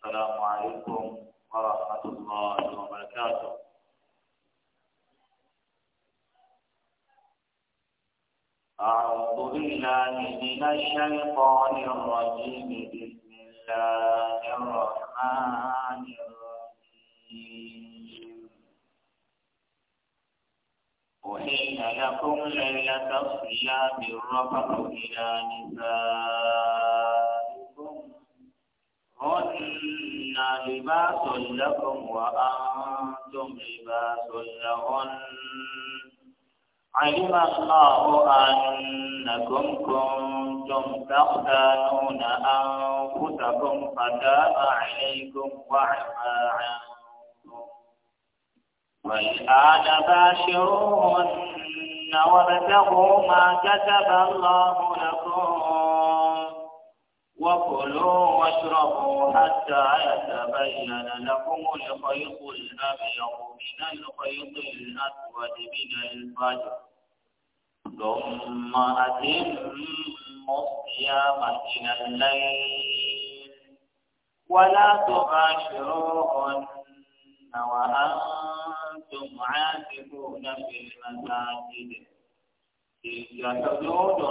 السلام عليكم ورحمة الله وبركاته أعوذ بالله من الشيطان الرجيم بسم الله الرحمن الرحيم أحل لكم ليلة الصيام الرفق إلى نسائكم هن لباس لكم وأنتم لباس لهن علم الله أنكم كنتم تختانون أنفسكم فتاب عليكم وعفى عنكم والآن باشروهن وابتغوا ما كتب الله لكم وكلوا واشربوا حتى يتبين لكم الخيط الأبيض من الخيط الأسود من الفجر ثم أتموا الصيام إلى الليل ولا تباشروهن وأنتم عاكفون في المساجد تلك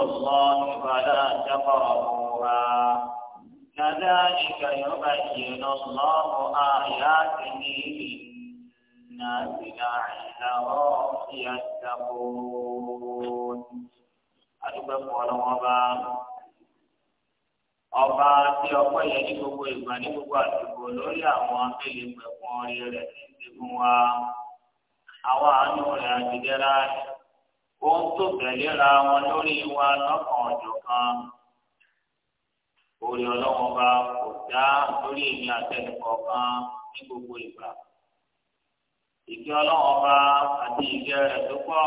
الله فلا تقربوها كذلك يبين الله آياته للناس لعلهم يتقون ọba tí ọpẹ́ yẹ ní gbogbo ìgbà ní gbogbo àdúgbò lórí àwọn abẹ́lé pẹ̀kún orí rẹ̀ ní ìdígun wa àwọn àánú rẹ̀ àdìdẹ́rà rẹ̀. ohun tó tẹ̀léra wọn lórí wa lọ́kàn ọ̀jọ̀kan orí ọlọ́wọ́n bá kò dá lórí èmi àtẹnukọ̀ọ̀kan ní gbogbo ìgbà ìgbé ọlọ́wọ́n bá àti ìgbé rẹ̀ tó pọ̀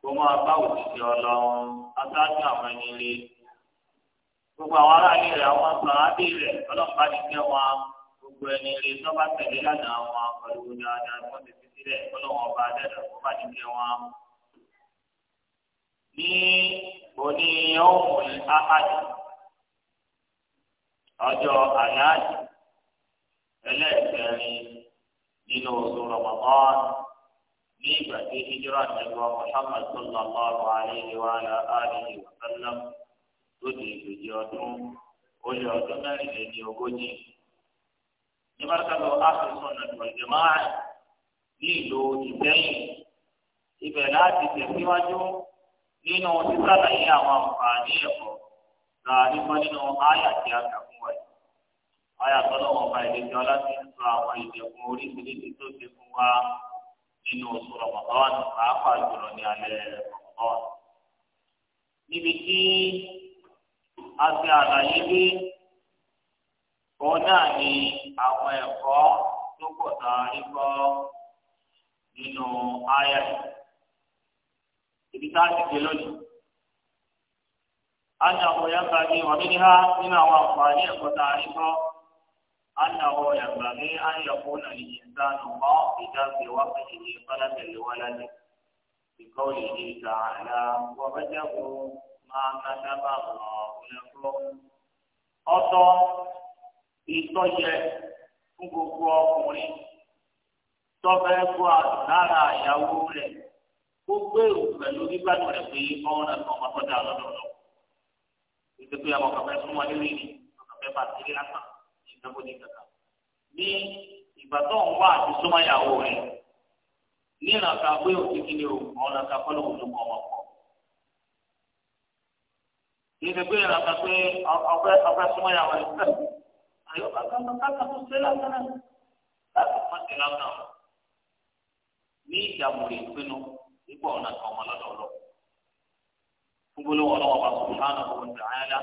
kó máa bá òṣìṣẹ́ ọlọ́run aṣáájú àwọn ẹni rí gbogbo àwọn aráàlú rẹ̀ àwọn sàábì rẹ̀ ọlọ́pàá ní kẹ́ wọn gbogbo ẹni rí sọ́ba tẹ̀lé lánàá wọn pẹ̀lú dáadáa tó ti fi sílẹ̀ ọlọ́wọ́n bá dẹ́dà tó bá ní kẹ́ wọn ní òní ọ̀hún ahadi ọjọ́ àyáàdì ẹlẹ́ẹ̀kẹrin nínú oṣù Ramadan ní ìgbà tí hijira nígbà Muhammad sallallahu alayhi wa alihi wa sallam tó di ìgbèjì ọdún ó ọdún mẹ́rìnlélẹ́ni ogójì ní mọ́tàlọ́ àfẹ́sọ̀n nàìjíríà ìjọba ní ìlú ìgbẹ́yìn ibẹ̀ láti tẹ̀síwájú nínú sísàlàyé àwọn àǹfààní ẹ̀kọ́ láàrin mọ́ nínú àyà tí a kà fún wa yìí. àyà tó lọ́wọ́ ọba ìdíjọ́ láti ń sọ àwọn ìdẹ̀kùn oríṣiríṣi tó ṣe fún wa nínú oṣù Ramadan pàápàá jùlọ ní alẹ́ Ramadan. níbi tí a ti àlàyé dé òun náà ni àwọn ẹ̀kọ́ tó pọ̀ tá a rí kọ́ nínú àyà yìí ibi tá a ti dé lónìí. Ana àwọn yàgbà ní wàmí ní ha nínú àwọn àǹfààní ẹ̀kọ́ tá a rí kọ́. Ana àwọn yàgbà ní ayọ̀kọ́ náà ní ìta nùmọ́ ìdáǹdè wá fún ìdí fọlátẹ̀lẹ̀ wá lálẹ́. Ìkọ́lé ní ìta àlá wọ́n bá jágo máa ká dábà mọ́ ọ̀lẹ́kọ́. Ọtọ́ fún gbogbo ọkùnrin tọ́fẹ́ fún àdúrà ìyàwó rẹ̀ kó gbèrò pẹ̀lú nígbàdùn rẹ̀ pé ọmọ náà kọ́ ọmọ tó dáa lọ́dọ̀ lọ. Ìgbé pé ọmọ kàfẹ́ súnmọ́ nílé ni ọmọ fẹ́ bá sílé lásán ní ìdánwò ní kankan. Ní ìgbà tó ń wá àti súnmọ́ ìyàwó rẹ̀ ní ìrànká pé òkè kí ni o ọmọ náà kakọ́ lóko ló mọ ọmọ kọ́. Ìgbé pé ìrànká pé ọfẹ́ ọfẹ́ súnmọ́ ìyàwó rẹ̀ sẹ́ àyọ̀ kàkà kàkà tó sílé lásán nígbà ọ̀nà kan ọmọ lọ́dọ̀ lọ. fún gbólóhùn ọlọ́wọ́ bá sọ hánà kó ń tàn án lá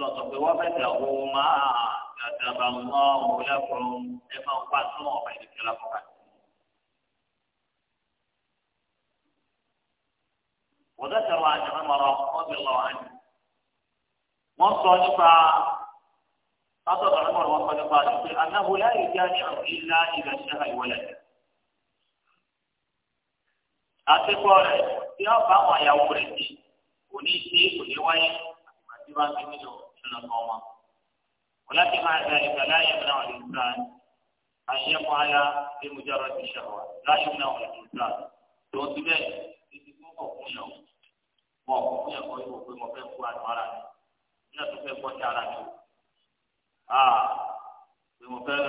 lọ́dọ̀ sọ pé wọ́n fẹ́ tẹ̀ ọ́ máa gàdàbà mọ́ òun lẹ́kọ̀ọ́ ẹ máa pa sọ́mọ́ ọ̀fà ìdíkẹ́ lápá وذكر عن عمر رضي الله عنه وصى أصدر عمر وصى أنه لا يجامع إلا إذا اشتهى الولد àtẹ́kọ́ rẹ̀ tí wọ́n bá àwọn àyàwó rẹ̀ ní òní ṣe kò ní wáyé àti bá ti nílò ìrànlọ́ wọn. ولكن مع ذلك لا يمنع الإنسان أن يفعل بمجرد الشهوة لا يمنع الإنسان لو fẹ́ sí ara mi a pé mo fẹ́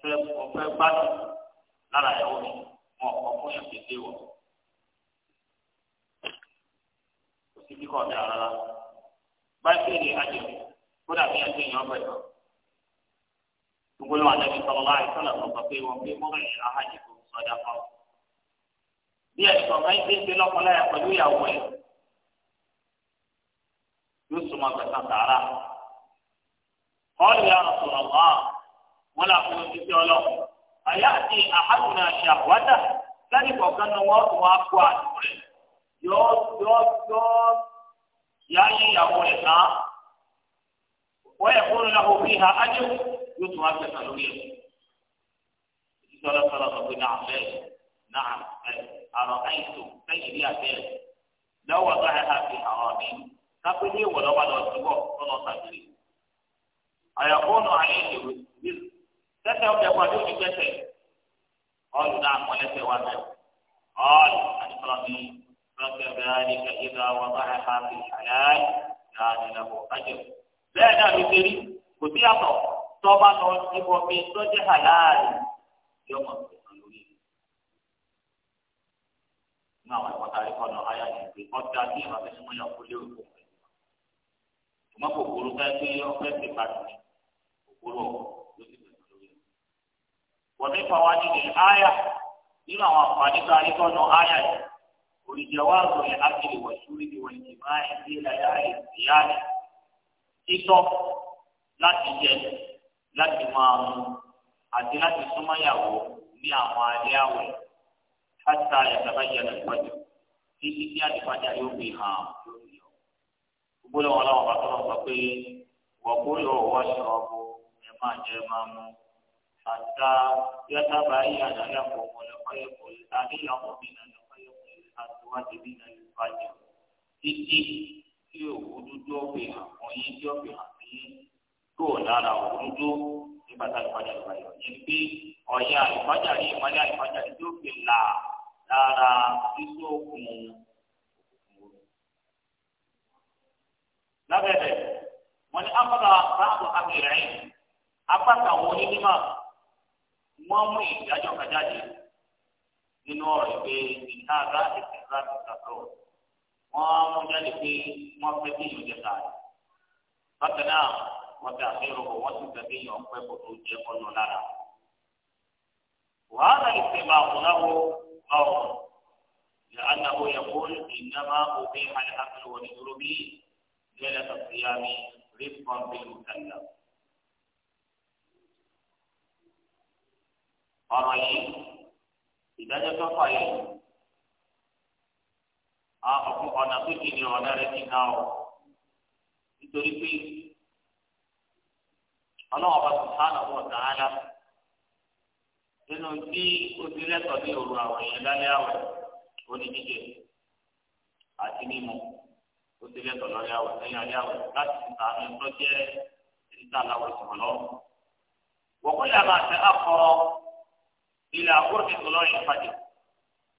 fẹ́ mo fẹ́ gbádùn títí kọ̀ ọ̀dà rárá báyìí ní àjò kó dàbí ẹgbẹ́ yẹn ọgbẹ́ kan gbogbo ló wà lẹ́bi sọ̀rọ̀ láàrin sọ̀rọ̀ tó sọ pé wọn gbé mọ́rẹ̀ yẹn ahàjì tó sọ̀dà kan bí ẹ̀sìn ọ̀gá yìí gbé lọ́kọ̀ láyà pẹ̀lú ìyàwó ẹ̀ yóò súnmọ́ gbẹ̀sán tààrà kọ́ọ̀lù yà sọ̀rọ̀ wá wọn là fún títí ọlọ́run àyà àti àhàtúnà ṣàwádà láti kọ̀ọ̀kan náà wọ́n tún wá kó àdúgbò rẹ̀ yọ yọ yọ yà á yí ìyàwó rẹ̀ ká wọ́n na kúrò na òfin ha ájú yóò tún wá gbẹ̀sán lórí ẹ̀ ìjọba sọlá sọ pé náà bẹ́ẹ̀ ha ha ha àìsàn ha rí àbẹ́ẹ̀ lọ́wọ́ sáré àti àwọn mi kápẹ́ ní ìwọ̀lọ́wọ́ lọ síbọ̀ lọ́nà sàgbére ha nù ayé ìdèrò tẹ́tẹ́ ọ̀dẹ̀ wà lórí tẹ́tẹ́ ọ̀lù náà mọ́lẹ́sẹ̀ wà náà ọ̀lù àti sọlá mi. فكذلك إذا وضعها في الحلال كان له أجر bẹ́ẹ̀ náà ló ṣe rí kò sí àtọ̀ tó bá lọ síbò mi tó jẹ́ àláàrí yóò mọ̀ sí ọ̀nà lórí rẹ̀. ní àwọn ìpàtàkì kan náà ayá yìí pé ọjà bí ìwà fẹ́ súnmọ́ yàn kó lé òkú rẹ̀. ṣùgbọ́n kòkòrò fẹ́ pé ọfẹ́ ti bàtì ní kòkòrò ló sì bẹ̀rẹ̀ lórí rẹ̀. wọ́n ní fọwọ́ nílé áyà nínú àwọn àǹfààní kan ní kọ́nà áyà yìí. ولجواز الأكل والشرب والاجتماع في ليالي الصيام títọ́ láti jẹ لا máa mu àti láti súnmọ́yàwó ní àwọn alẹ́ àwẹ̀ hátà ìtàbáyà lẹ́gbẹ̀dẹ̀ títí tí àdìpájà yóò fi hàn lórí ọ̀. gbogbo lọ́wọ́ làwọn bàtà wọn sọ pé wọ́pọ̀ lọ wọ́ ṣọ́ọ̀bù ẹ máa jẹ máa mu hátà yọtàbáyà lẹ́gbẹ̀dẹ̀ kò mọ̀ lẹ́kọ̀ọ́ yẹ kò lè ta níyàwó mi nàlẹ́ الكاذبين للفاجر títí tí òwúdúdú ọ̀fẹ́ àwọn yìí tí ọ̀fẹ́ àti tó lára òwúdúdú nígbà tá àlùfáàjà ló bá yọ yẹn pé ọ̀yà àlùfáàjà rí ìmọ̀lẹ́ àlùfáàjà tí ó fi là lára sísọ òkun lábẹ́rẹ́ wọn ni afọ́nà báàbò abìrẹ́ apáta àwọn onímọ̀ wọ́n mú ìdájọ́ kan nínú ọ̀rọ̀ ìpè ìdára ìpè. láti ṣàtọ̀ wọ́n mú jáde pé wọ́n fẹ́ bí ìyọ̀jẹ káàdì bákan náà wọ́n ti àfihàn bọ̀ wọ́n ti fẹ́ bí ìyọ̀ pẹ́ kó tó jẹ́ kọ́ lọ lára wàhálà ìsèmà àkùnáwó ọ̀hún لأنه يقول إنما أبيح الأكل والشرب ليلة الصيام رفقا بالمكلف ọ̀rọ̀ yìí ìdájọ́ tó fà yìí ọkùn ọ̀nà tó ti ní ọ̀nà rẹ̀ ti ná ọ. nítorí pé ọlọ́wọ́ bá subhanahu wa ta'ala nínú tí ó ti lẹ́tọ̀ ní òru àwọn èèyàn lálẹ́ àwẹ̀ oníjíjẹ àti mímu ó ti lẹ́tọ̀ lórí àwẹ̀ lẹ́yìn alẹ́ àwẹ̀ láti fi tààmì tó jẹ́ ìdíta aláwọ̀ ìtumọ̀ lọ́wọ́. wọ́n kúlẹ̀ àmà àtẹ àkọ́ ilẹ̀ àkóso ìtọ́lọ́yìn fàjẹ́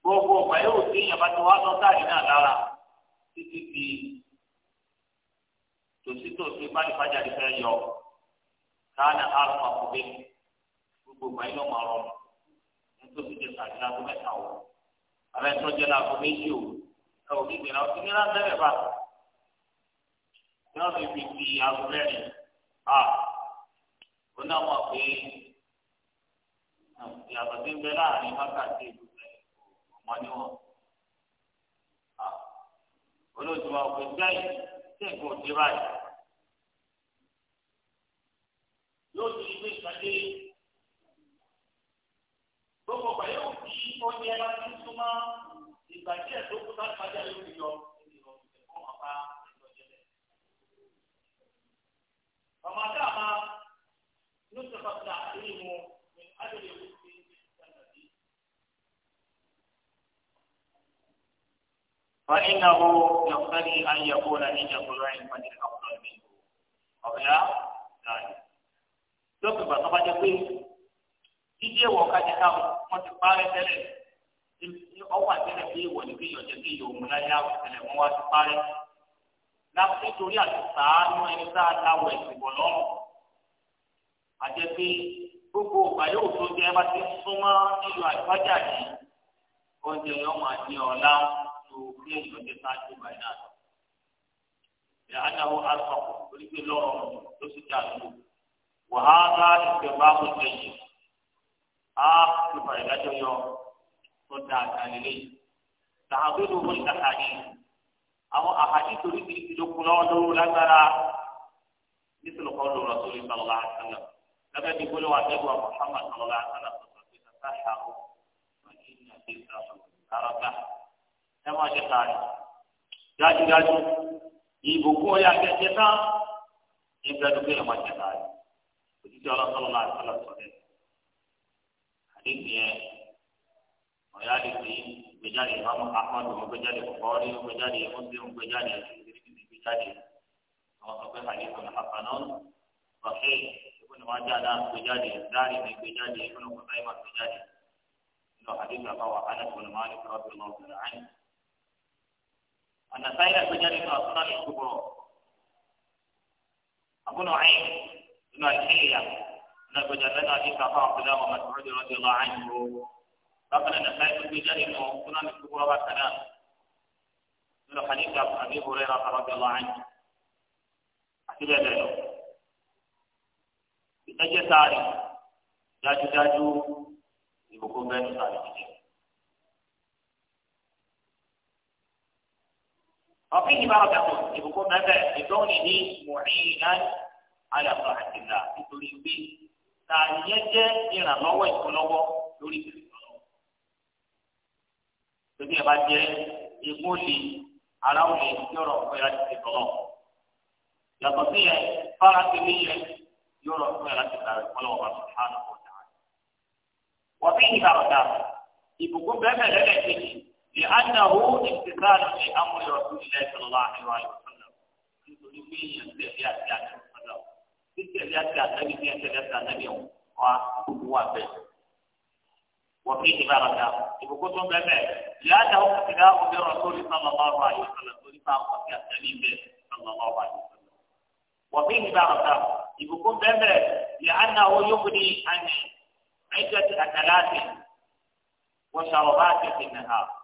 gbogbo ọgbà yóò dín yàrá tó wá lọ sáàyè náà lára títí di tòsítòsí pálípájà ti fẹ́ yọ káàdà àrùn àkùbẹ́ gbogbo ọgbà yóò máa rọrùn nítorí jẹ kàdé lágbo mẹ́ta wọ abẹ́ tó jẹ lágbo méjì o ẹ ò ní ìgbéra ọtí nílá bẹ́ẹ̀ bá yọ mi fi di aago mẹ́rin a ó náà mọ̀ pé ìyàtọ̀ ń bẹ láàrin wákàtí ìlú wọn ni wọn. olóòtú wa kò gbẹ́yìn tí èkó ti báyìí. yóò ti ilé ìpàdé gbogbo pẹ̀lú òbí oní ẹ̀ máa ìgbà díẹ̀ tó kú sáà pàdé àlejò yọ. فإنه يقتضي أن يكون عند كل علم أفضل منه قبل ذلك lópin bàtà bá jẹ pé jíjẹ wọ kájíká wọn ti parẹ́ tẹ́lẹ̀ ọwọ́ àtẹlẹ bí ìwọ ní kéèyàn jẹ kéèyàn òun láyé àwọn tẹ́lẹ̀ wọn wá ti parẹ́ láti torí àtúntà ánú ẹni tá a láwọ ẹsìn bọ lọ́rùn àjẹ pé gbogbo ọgbà yóò tó jẹ bá ti súnmọ́ nílùú àìfájà yìí oúnjẹ yóò máa di ọ̀la tí èèyàn ti sáájú báyìí náà lọ. ìyáàdáwó aṣọ oríṣi lọ́rọ̀ ló sì dà lù. wàhálà ìjọba kò tẹ̀yìn á ti fà ìdájọ́ yọ tó da àtàlélẹ́ yìí. tàbí ló wọ́n ìtàkàdé àwọn àhàdí torí ti ti lókun lọ́wọ́ lágbára nítorí kọ́ lọ́rọ̀ tó lè sọ̀rọ̀ láti lábẹ́ ti gbólóhùn àtẹ́gùn àmọ̀ sọ̀rọ̀ láti sọ̀rọ̀ sọ̀rọ̀ ẹ máa jẹ sàárì dájúdájú ìbùkún ọyà kẹjẹ tán ìgbàdùn pé ẹ máa jẹ sàárì òjijì ọlọ́sọ́lọ́ náà sọ́lá sọ́lẹ̀ àdéhùn yẹn ọ̀yà lè fi gbẹjáde ìmọ̀ akọ́dù gbẹjáde kọ̀kọ́rí gbẹjáde mọ́sílẹ̀ gbẹjáde gbẹjáde àwọn sọ pé àdéhùn àfààná rọ̀ṣẹ́ ìfúnni wọn jáde gbẹjáde dáàrí ní gbẹjáde ìfúnni kọ̀ọ̀tà ìmọ̀ gbẹjáde. لو حديث أبو أنس بن مالك رضي الله عنه النسائي الأسجاري من أصناف الكبرى أبو نعيم بن الحلية أنه جلنا في كفاء عبد الله ومسعود رضي الله عنه ربنا النسائي الأسجاري من أصناف الكبرى والسلام من حديث أبي هريرة رضي الله عنه أحسب ذلك ìtẹ́jẹ́ sáré جاجو جاجو يبقون بين sáré jíjẹ́. وفيه بركة يكون هذا لكونه معينا على طاعة الله يقول به ثانية إلى الله يقوله يريد الله تبي أبدا يقول لي على أولي يرى خيرات الله يستطيع طاعة لي يرى خيرات الله سبحانه وتعالى وفيه بركة يكون بما لدى لأنه امتثال لأمر رسول الله صلى الله عليه وسلم في في النبي وفي وفيه بركة يقولون بما لأنه امتثال بالرسول صلى الله عليه وسلم ولفاق في النبي صلى الله عليه وسلم وفيه بركة يكون بما لأنه يغني عن عدة أكلات وشربات في النهار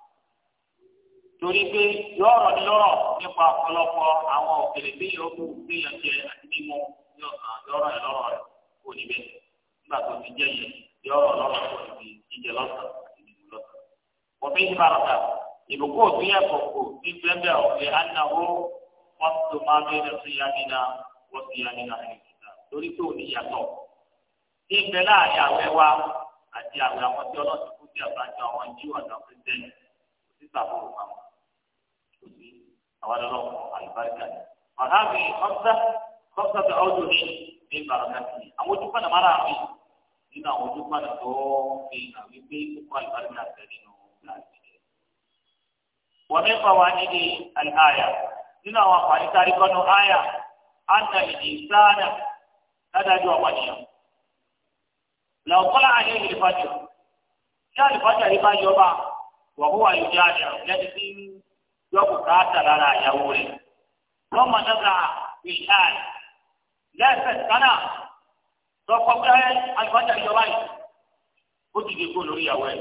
torí pé lọ́rọ̀ ni lọ́rọ̀ nípa ọ̀pọ̀lọpọ̀ àwọn òkèlè bí yóò kú bí yóò jẹ àti mímu yóò kàn lọ́rọ̀ ẹ̀ lọ́rọ̀ rẹ̀ kó níbẹ̀ nígbà tó ti jẹ́ yẹn yọ̀rọ̀ lọ́rọ̀ kó níbi jíjẹ lọ́sàn àti mímu lọ́sàn. wọ́n fi ń bára ta ìbùkún òtún yẹ kọ̀ọ̀kọ̀ ní bẹ́ẹ̀ ọ̀gbẹ́ anáwó wọ́n tó máa ń bẹ́ẹ̀ sí yamina wọ́n sí yamina àwọn ọlọ́pàá àlùbáríkà ni wàhálì ọ̀sá ọ̀sá tó ọdún ní ní bàrọ̀dá sí i àwọn ojú pàdé mara àmì nínú àwọn ojú pàdé tó fi hàn wípé kókó àlùbáríkà tẹ nínú láti rẹ. wọ́n ní fa wá nídi àyà nínú àwọn àǹfààní kárí kọ́nù àyà àǹtà ìdí sáánà dájú àwọn ènìyàn. làwùkọ́lá àyè ìlú fàjọ. ṣé àlùfáàjà yìí bá yọba wàhùwà yóò jáde lẹ́ni tí lọ́kùn káàtà lára a rẹ̀ lọ́mọ náà ìṣáà lẹ́sẹ̀ kánà lọ́kọ́ pé alùpàdé ìjọba yìí ó ti dìgbò lórí ìyàwó ẹ̀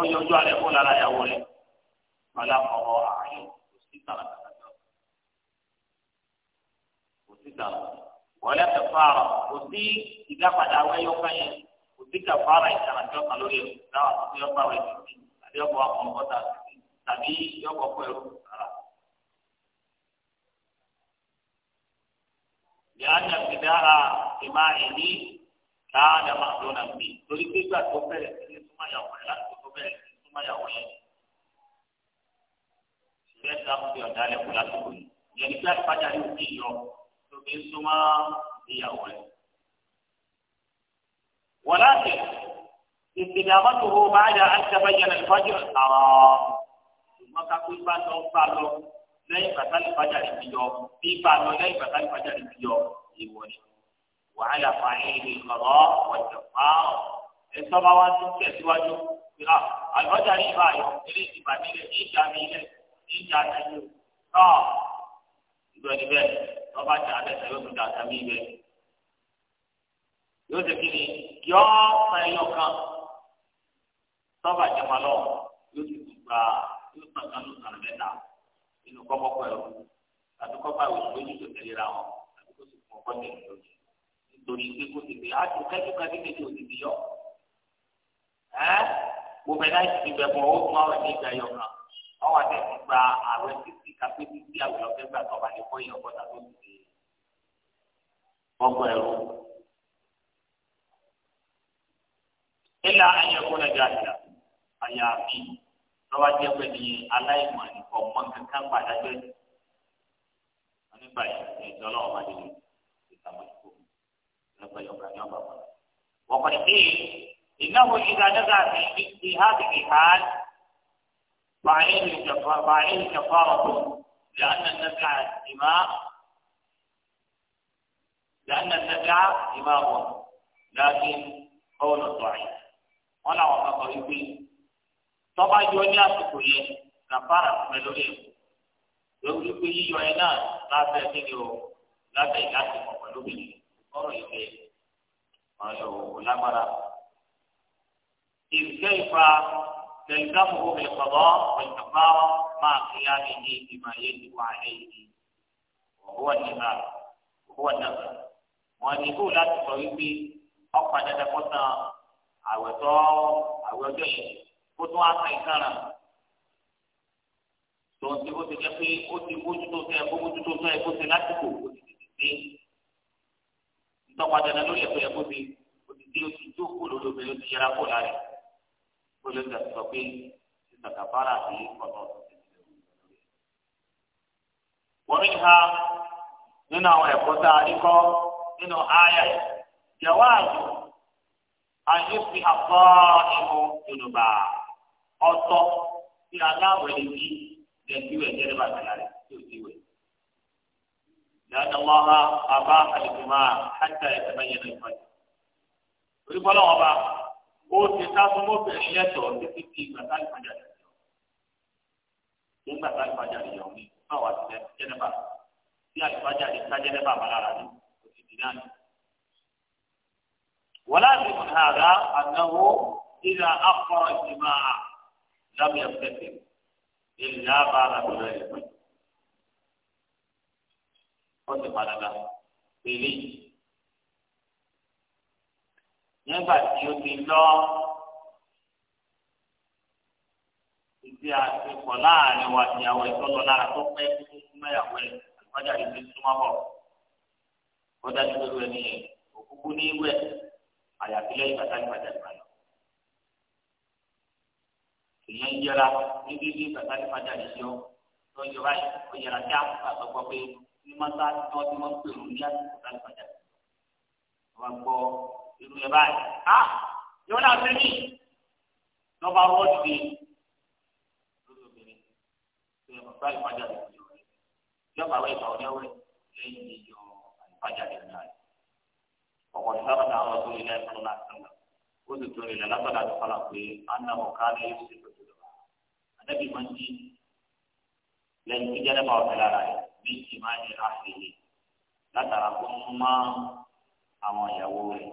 ọyọ ojú alẹ́ kó lára ìyàwó rẹ̀ wàlá kọ̀ọ̀ ààyè kò sí kàràkàrà kò sí wọlé kẹfàrà kò sí ìdápadà kò sí kẹfàrà kan lórí ẹ̀ àti wẹ̀ tàbí yọkọ̀ pẹ̀lú ara. Ìyáàjà ti dára ìmá ìní káàdà máa ń lọ́nà gbé. Torí pé ìgbà tó bẹ̀rẹ̀ sí ní súnmáyàwó rẹ̀ láti tó bẹ̀rẹ̀ sí ní súnmáyàwó yẹn. Ìṣẹ̀lẹ̀ ìdáhùn bí ọ̀dà lẹ́kọ̀ọ́ lásìkò yìí. Ìyẹn ní kíláàsì pàjá ní òkè yọ tó fi súnmọ́ ìyàwó rẹ̀. Wọ́n láti ìsìnkú àmọ́tò bá yà á ti wọn ká pé bá lọ bá lọ lẹ́yìn bàtàlì fàjàrì ti yọ bí bá lọ lẹ́yìn bàtàlì fàjàrì ti yọ ìwọ ni wàhálà fàáyé ni ọ̀rọ̀ ọ̀jọ̀ pààrọ̀ ẹ̀sọ́ bá wá tún tẹ̀síwájú pé à ah, àlùfájà ní ìbá yọ ilé ìdìbà nílẹ̀ ní ìjà mi ilẹ̀ ní ìjà tẹ̀lé tọ́ ìgbà níbẹ̀ lọ́ba jà lẹ́sẹ̀ yóò tún dà sẹ́mi ibẹ̀ yóò ṣe kí ni yọ ọ́ sàn ẹ̀yọ̀ kan tọ́ba jẹ́ yóò sàn kan ló sàn mẹ́ta nínú kọ́kọ́kọ́ ẹ̀rọ àti kọ́kọ́ àwọn ìwé yìí tó tẹ̀lé ra wọn àti kó sì fún ọkọ́ tẹ̀lé lójú nítorí pé kó sì pé àti kẹ́kọ̀ọ́ kékeré ò sì ti yọ. ẹ́ mo bẹ láì ti bẹ̀ bọ̀ ó tún àwọn ẹ̀mí ìgbà yọ kan ọwọ́ àti ẹ̀sìn gba ààrẹ títí kápé títí àwọn ọ̀fẹ́ gbà tó balẹ̀ fọ́ ìyọ̀ bọ́ta tó ti kọ́kọ́ ẹ̀rọ. ilà ayẹ̀kọ́ nàìjíríà àyàfi lọ́wọ́ jẹ́ pé ní aláìmọ̀ nìkan mọ́ kankan gbàdájọ́ ẹ̀ nígbà yìí ẹ̀jọ́ lọ́wọ́ máa dé ìtàmọ́síkò lọ́gbà yọ̀ọ̀gá ní ọ̀bà wọn. wọ́n kọ́ni pé ìnáwó ìdádọ́gà sí ìhádìí ìhán fàáyé ìjọba ọ̀tún lẹ́nà nàgà ìmá lẹ́nà nàgà ìmá wọn láti ọ̀nà tọ̀ọ̀yìn. wọ́n làwọn kan kọ́ wípé tọ́ba yọ ní àsìkò yẹn kàfàrà pẹ̀ lórí ẹ̀ lórí wípé yíyọ ẹ náà lábẹ́ nílé o lábẹ́ ìyáàtì mọ̀ pẹ̀lú mi ọ̀rọ̀ ìgbẹ́ ọ̀rọ̀ òwò lágbára. ìfẹ́ ìfà tẹ̀lifíàmù omi ìfọ̀bọ́ ìfọ̀bọ́ máa fi á ní ní ìgbìmọ̀ yẹn ti wà ní ìdí òwò nígbà òwò náà wọ́n ní kó láti sọ wípé ọ̀pá dandan kọ́ta àwẹ̀tọ́ àwẹ̀ ọjọ́ yẹn ó tún wá sàn ìkànnà tòun ti ó ti jẹ́ pé ó ti bójútó fẹ́ bójútó fẹ́ kó ti lásìkò ó ti tètè dé ìtọ́padà náà ló yẹ kó kó ti ó ti dé ó ti tó kó lórí obìnrin ti yẹra kó lára kó lè gbà sọ pé sísọ kàfàrà àti ọ̀nà wọ́n rí ha nínú àwọn ẹ̀kọ́ tá a rí kọ́ nínú àyà jẹ̀wọ́ àyè fi àpọ̀ ìmú yorùbá ọ̀tọ̀ tí aláwọ̀ lè fi lẹ́sí wẹ̀ jẹ́rẹ́ bàtà rẹ̀ tí ò sí wẹ̀. Ìyáàdá wọn ha bàbá àlùkùmá àtà ẹ̀sẹ̀ bẹ́yẹn lè fọ́ ẹ̀. Orí bọ́lá wọn bá ó ti ká fún mọ́bìnrin lẹ́tọ̀ títí di ìgbà tá ìpàdé rẹ̀ yọ. Nígbà tá ìpàdé rẹ̀ yọ ní báwa ti lẹ́sí jẹ́nẹ́bà tí àlùfájà lè ká jẹ́nẹ́bà bàlára ní هذا أنه إذا أخر الجماعة لم يستتب إلا بعد ذلك قلت على ذلك إليه nígbà tí ó ti lọ ìdí àtìkọ láàrin wa ti àwọn ìtọ́lọ lára tó pẹ́ tó súnmọ́ ìyàwó ẹ̀ àgbájá rẹ̀ ti súnmọ́ bọ̀ ó dájú pé wẹ́n ní òkúkú ní wẹ̀ àyàfi lẹ́yìn bàtà ìbàjẹ́ ìbàjẹ́ èèyàn ń yẹra ní dédé bàtà ní padà lè ṣe ọ tó ń yọra yìí ó yẹra dá pàtó gbọ́ pé ní mọ́tà tó ti wọ́n pè ní àsìkò tá ní padà wọ́n gbọ́ irú yẹn báyìí á yóò náà ṣe mí lọ́ba wọ́n ti dé lóṣooṣìírí tó yẹ bàtà ní padà lè ṣe ọ̀rẹ́ yọba wẹ̀ ìgbà ọ̀dẹ́wẹ̀ lẹ́yìn ìjọ àyípadà lè ṣe ọ̀rẹ́ ọ̀pọ̀ sábà náà wọ́n tó lè lẹ́yìn tó lọ́la sọ́nà ó sì tó lè lẹ́yìn lọ́sọ̀dà tó kọ́lá pé anáwó ká anabi máa ń jí lẹ́yìn tó jẹ́rẹ́ bá ọ̀tẹ̀ lára rẹ̀ bí ìtì máa ń ní àfihàn látara kó ń mọ àwọn ìyàwó rẹ̀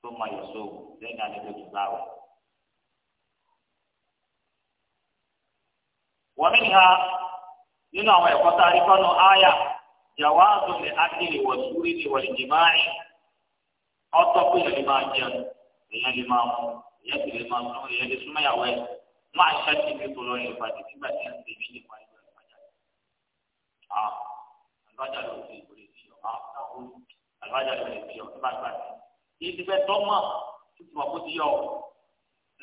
tó máa yọ sóòwò lẹ́yìn àdébò tó bá wẹ̀. wọ́n ní ha nínú àwọn ẹ̀kọ́ tá a rí kọ́nu áyà yàwó àdùnlé ákìlì wọ̀ súrí ni wọ̀ ìjìmáì ọ̀tọ̀ pé èèyàn lè máa jẹun èèyàn lè máa mú èèyàn lè máa sún èèyàn lè súnmọ́ ìyàwó ẹ̀ máa ṣe àti ìgbé tó lọ́ọ́ ìpàdé nígbà tí a ń gbé méjì pa ìgbà ìpàdé. àlùbájá ló ti ìgbòrè sí ọ àlùbájá ló ti fi ọ tó bá gbà sí. kí ti fẹ́ tọ́mọ̀ tó ti wà kó ti yọ ọ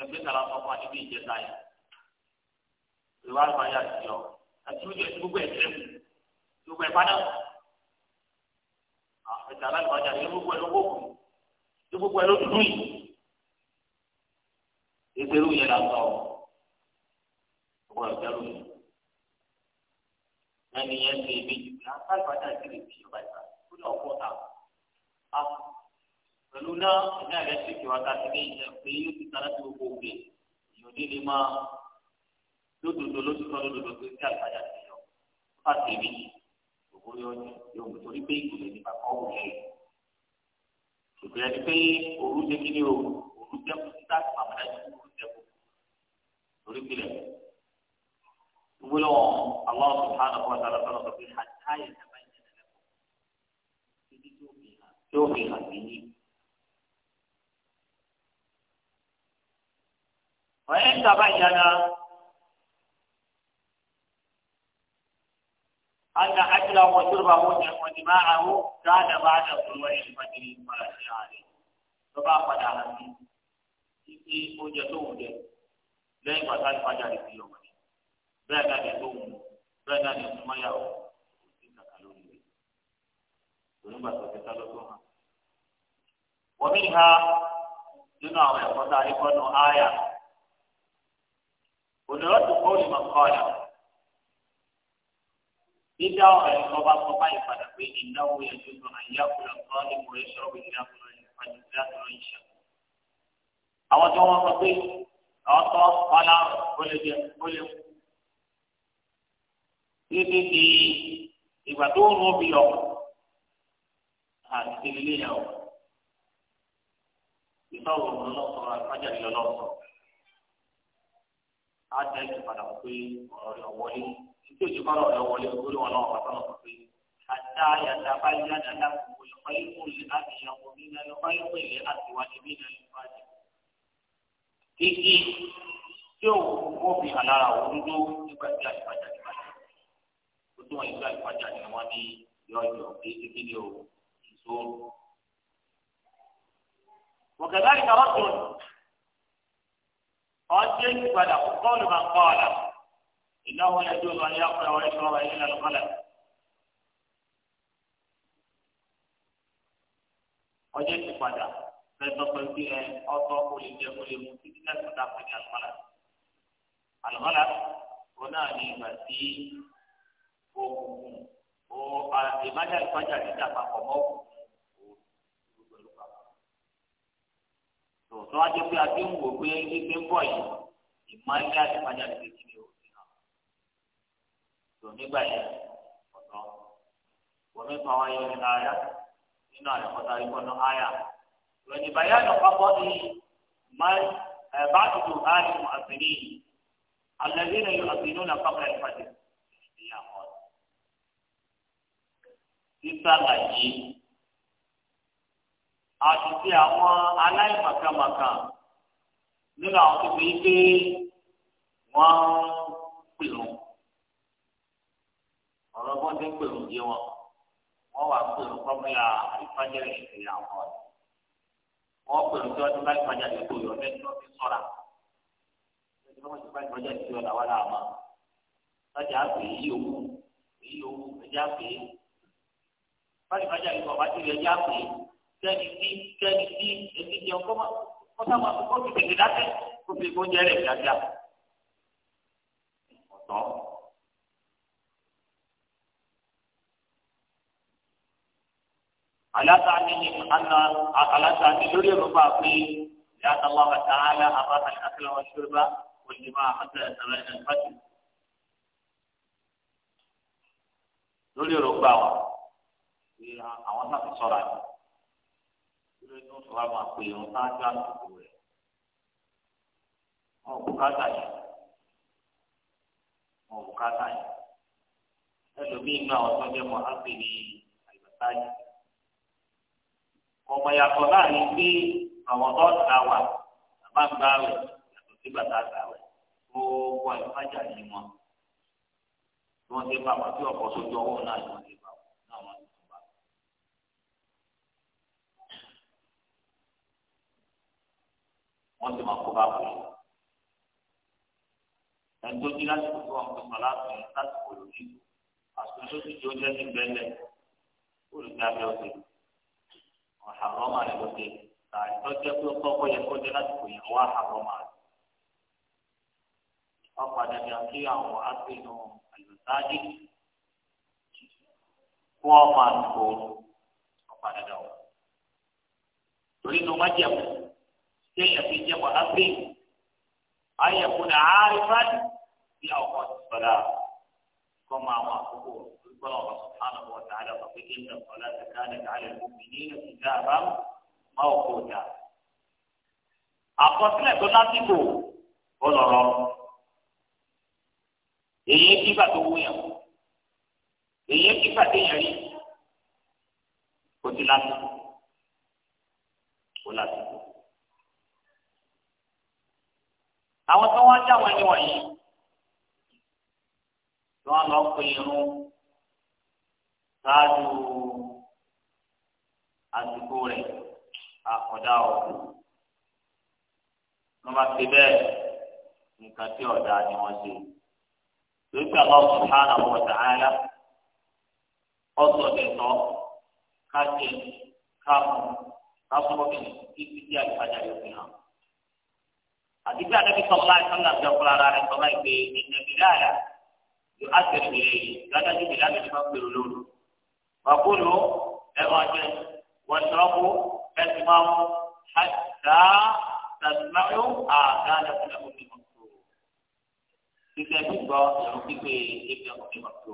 ẹgbẹ́ tààrà sọ fún àdébí ìjẹta yẹn. ìwà àlùbájá ti yọ àti ojú ẹtí gbogbo ẹ̀jẹ̀ mu gbogbo ìpàdé. àpẹtẹ alágbájá yẹn gbogbo ẹ̀ ló ọwọ́ ìgbàlù mi ẹni yẹn ṣe ìbejì náà sábàdà ìdílé ti ìjọba ìgbà ó ní ọkọ ta a pẹ̀lú náà ìdá rẹ̀ ti fi wákà sí ní ìjẹ pé yóò ti tara sí gbogbo òkè èèyàn nílé máa lódodo lóṣùtọ́ lódodo pé kí àgbàdà ti yọ fáṣí ìbejì òkú yọ ní yóò mú torí pé ìkùnlẹ̀ nípa kọ́ òkè ìgbìyànjú ni pé òru ṣe kí ni o òru jẹ́ kó títà pàmò dájú òru jẹ́ kó torí pé lẹ́yìn gbólóhùn Allah subhanahu wa ta'ala sọ̀rọ̀ sọ̀rọ̀ pé àtàyè sábà ń jẹ́ lẹ́kọ̀ọ́ títí tó fi hàn tó fi hàn sí ní. ọ̀yẹ́ ń sábà ń yára أن أكله وشربه ودماءه كان بعد طلوع الفجر فلا شيء عليه فما قد علمني في أوجة أوجة لا يقتل فجر في يوم bẹ́ẹ̀ náà ni tó wù bẹ́ẹ̀ náà ni súnmọ́yàwó kò sí kàkà lórí rẹ̀ torí gbà tó fi ká ló tó hàn. wọ́n mi ha nínú àwọn ẹ̀kọ́ tá a rí kọ́nù áyà onírọ́tò kọ́ọ̀lì máa kọ́ ọ̀yà dídá ọ̀rọ̀ ẹ̀kọ́ bá kọ́ báyìí padà pé ìnáwó yẹn tó tó àyà kúrò kọ́ ìmọ̀ ẹ̀ṣọ́ ìyá kúrò ìfàjìlá kúrò ìṣà. àwọn tó wọn sọ pé àwọn tó wọn lárò ó lè jẹ ó lè kú títí di ìgbà tó ń rún bí yọ àti tẹlifí yà ó ìtọ́wò lọ́sọ̀rọ̀ àtúnṣe àti lọ́sọ̀rọ̀ á jẹ́ ìpadà pé ọ̀rọ̀ rẹ̀ wọlé títí òjò kọ́ ọ̀rọ̀ rẹ̀ wọlé orí wọn náà wà sọ́nà sọ pé yàtà báyìí àdàdà kò lè fọ́ ikú lè láti yan omi náà lè fọ́ ikú lè láti wà níbí náà lè fọ́ àjẹ́. títí tí òun kò fi hàn lára òun dúdú nígbà tí àyípadà ti padà tí wọ́n ìgbà ìfọ́jà ni wọ́n ní yọjọ kéde kéde o ìṣó. Wọ̀kẹ̀dá ìkàwọ́ tó ọjọ́ ìpadà kọ́ ló máa kọ́ ọ̀la. إنه يجوز أن يقرأ ويشرب إلا القلم ọjọ́ ti padà pẹ̀lú ẹ ọtọ́ kò lè jẹ mú títí lẹ́sùn dápẹ́ ní àlùmọ́là àlùmọ́là òun náà ní ìgbà tí òkùnkùn ò ìmájà ìfájà nígbà papọ̀ mọ́ òkùnkùn pẹ̀lú papọ̀. tòótọ́ ajé pé a ti ń wò pé gbígbé ń bọ̀ yìí ìmájà ìfájà nígbà kí ni òkùnkùn náà. tò nígbà yẹn ọ̀tọ̀ wọ́n mi fọwọ́ yẹn nínú ayá nínú àyẹ̀kọ́ta ìkọ́nà ayá. lọ́ni bàyá lọ pápọ̀ ni bá tuntun áàlù àbìrí àlẹ́ sísàlàyé àtúntì àwọn aláìmọ̀kàmọ̀kà nínú àwọn tó fi pé wọ́n ń pè wọ́n ọ̀rọ̀ bọ́n ti ń pè wọ́n yé wọn wọ́n wà pè wọ́n kọ́mílà ìfàjẹ́rẹ́ ìṣẹ̀lẹ̀ àwọn ọ̀rẹ́ wọ́n pè wọ́n tí wọ́n ti bá ìfàjà lè kó yọ̀ lẹ́yìn tí wọ́n ti sọ̀ra lẹ́yìn tí wọ́n ti bá ìfàjà lè kó yọ̀ làwọn làwọn sọ́jà pè é yíyó èyí yòówù ẹ̀jẹ̀ pè é báyìí bá jáde bọ̀ bá ti rẹ̀ yá pé kẹ́ni tí kẹ́ni tí èmi jẹun kọ́ mọ́ kọ́ sábà kó ti tètè dákẹ́ kó fi oúnjẹ rẹ̀ kíákíá. ọ̀tọ̀ alátaani ni ana alátaani lórí ẹ̀rọ pé yàtọ̀ wà bàtà àlà àbá àlàkìlà wà ṣùgbọ́n wọ́n máa àtẹ ẹ̀sẹ̀rẹ̀ ẹ̀ lórí ẹ̀rọ gbà pé àwọn sáà ti sọ̀rọ̀ àti ìdúró tó ń sọ wá máa pè wọn sáájú àsìkò rẹ̀ wọn ò bùkátà yẹn wọn ò bùkátà yẹn ẹlòmíín náà wọn tó jẹ́ mọ́ ápè ní àyùbáta yìí ọmọ yàtọ̀ láàrin pé àwọn ọ̀dà wà bá gbà rẹ̀ yàtọ̀ sí bàtà gbà rẹ̀ gbogbo àyùbájà yìí wọn wọ́n ti bá wọn tí ọ̀pọ̀ sójú ọwọ́ náà ni wọ́n ti bá wọ́n ti máa kó bá wọlé. ẹni tó dín láti kókó àwọn ọmọ láti ẹ̀ láti kó lórí àsìkò tó ti di oúnjẹ ní bẹ́lẹ̀ olùdájọ́ ọ̀sẹ̀ ọ̀hàrọ́mà rẹ̀ lóde àìtọ́jẹ́ pé ó kọ́kọ́ yẹ kó dé láti kó yẹn wá àhàrọ́mà rẹ̀. wọ́n padà bí àwọn akéwìn àlùsáájì kó ọmọ àtìkò ọ̀padà dà wọ́n. torí inú májèmú téèyàn fi jẹ́ wà ágbé ayẹ̀kùn náà àárín fáàdì bí ọkọ̀ ti sọ̀rọ̀ kọ́ máa wà àkókò gbọ́dọ̀ wà sọ̀tàn àwọn ọ̀tá àlọ́ pàpé kí n lọ́kọ̀ láti ká lè ká lè mú mi ní ìdá àbámu má ò kó dà. àkọsílẹ̀ tó lásìkò ó lọ̀rọ̀ èyí kígbà tó wúyàn èyí kígbà téèyàn rí kò sí lásìkò kò lásìkò. àwọn tó wá jáwọn ẹni wọ̀nyí tí wọ́n lọ pe irun ṣáájú àsìkò rẹ̀ àkọ́dá ọ̀ wọ́n bá ti bẹ́ẹ̀ nǹkan tí ọ̀dà ni wọ́n ṣe lórí àwọn ọ̀sán àwọn ọ̀sán ayára ọ̀sọ̀dẹ̀tọ̀ kájẹ káàmù káàmù títí hàn. àdìgbà níbi sọ̀rọ̀lá ìsọ̀lá ìjọ fúnra rẹ̀ sọ̀rọ̀ ìpè ìdẹ̀bìlá rẹ̀ yóò á tẹ̀lé mi lẹ́yìn lọ́dájú mi láti máa ń pèrò lóru. wàkúlù ẹ máa jẹ wọn sọ̀rọ̀kú ẹ ti máa mú àṣà tàbímáyò àgbà lẹ́kùnlẹ̀ òbí mọ̀tò. kíkẹ́ gbígbọ́ ẹ̀rọ pípé ẹ̀bí òbí mọ̀tò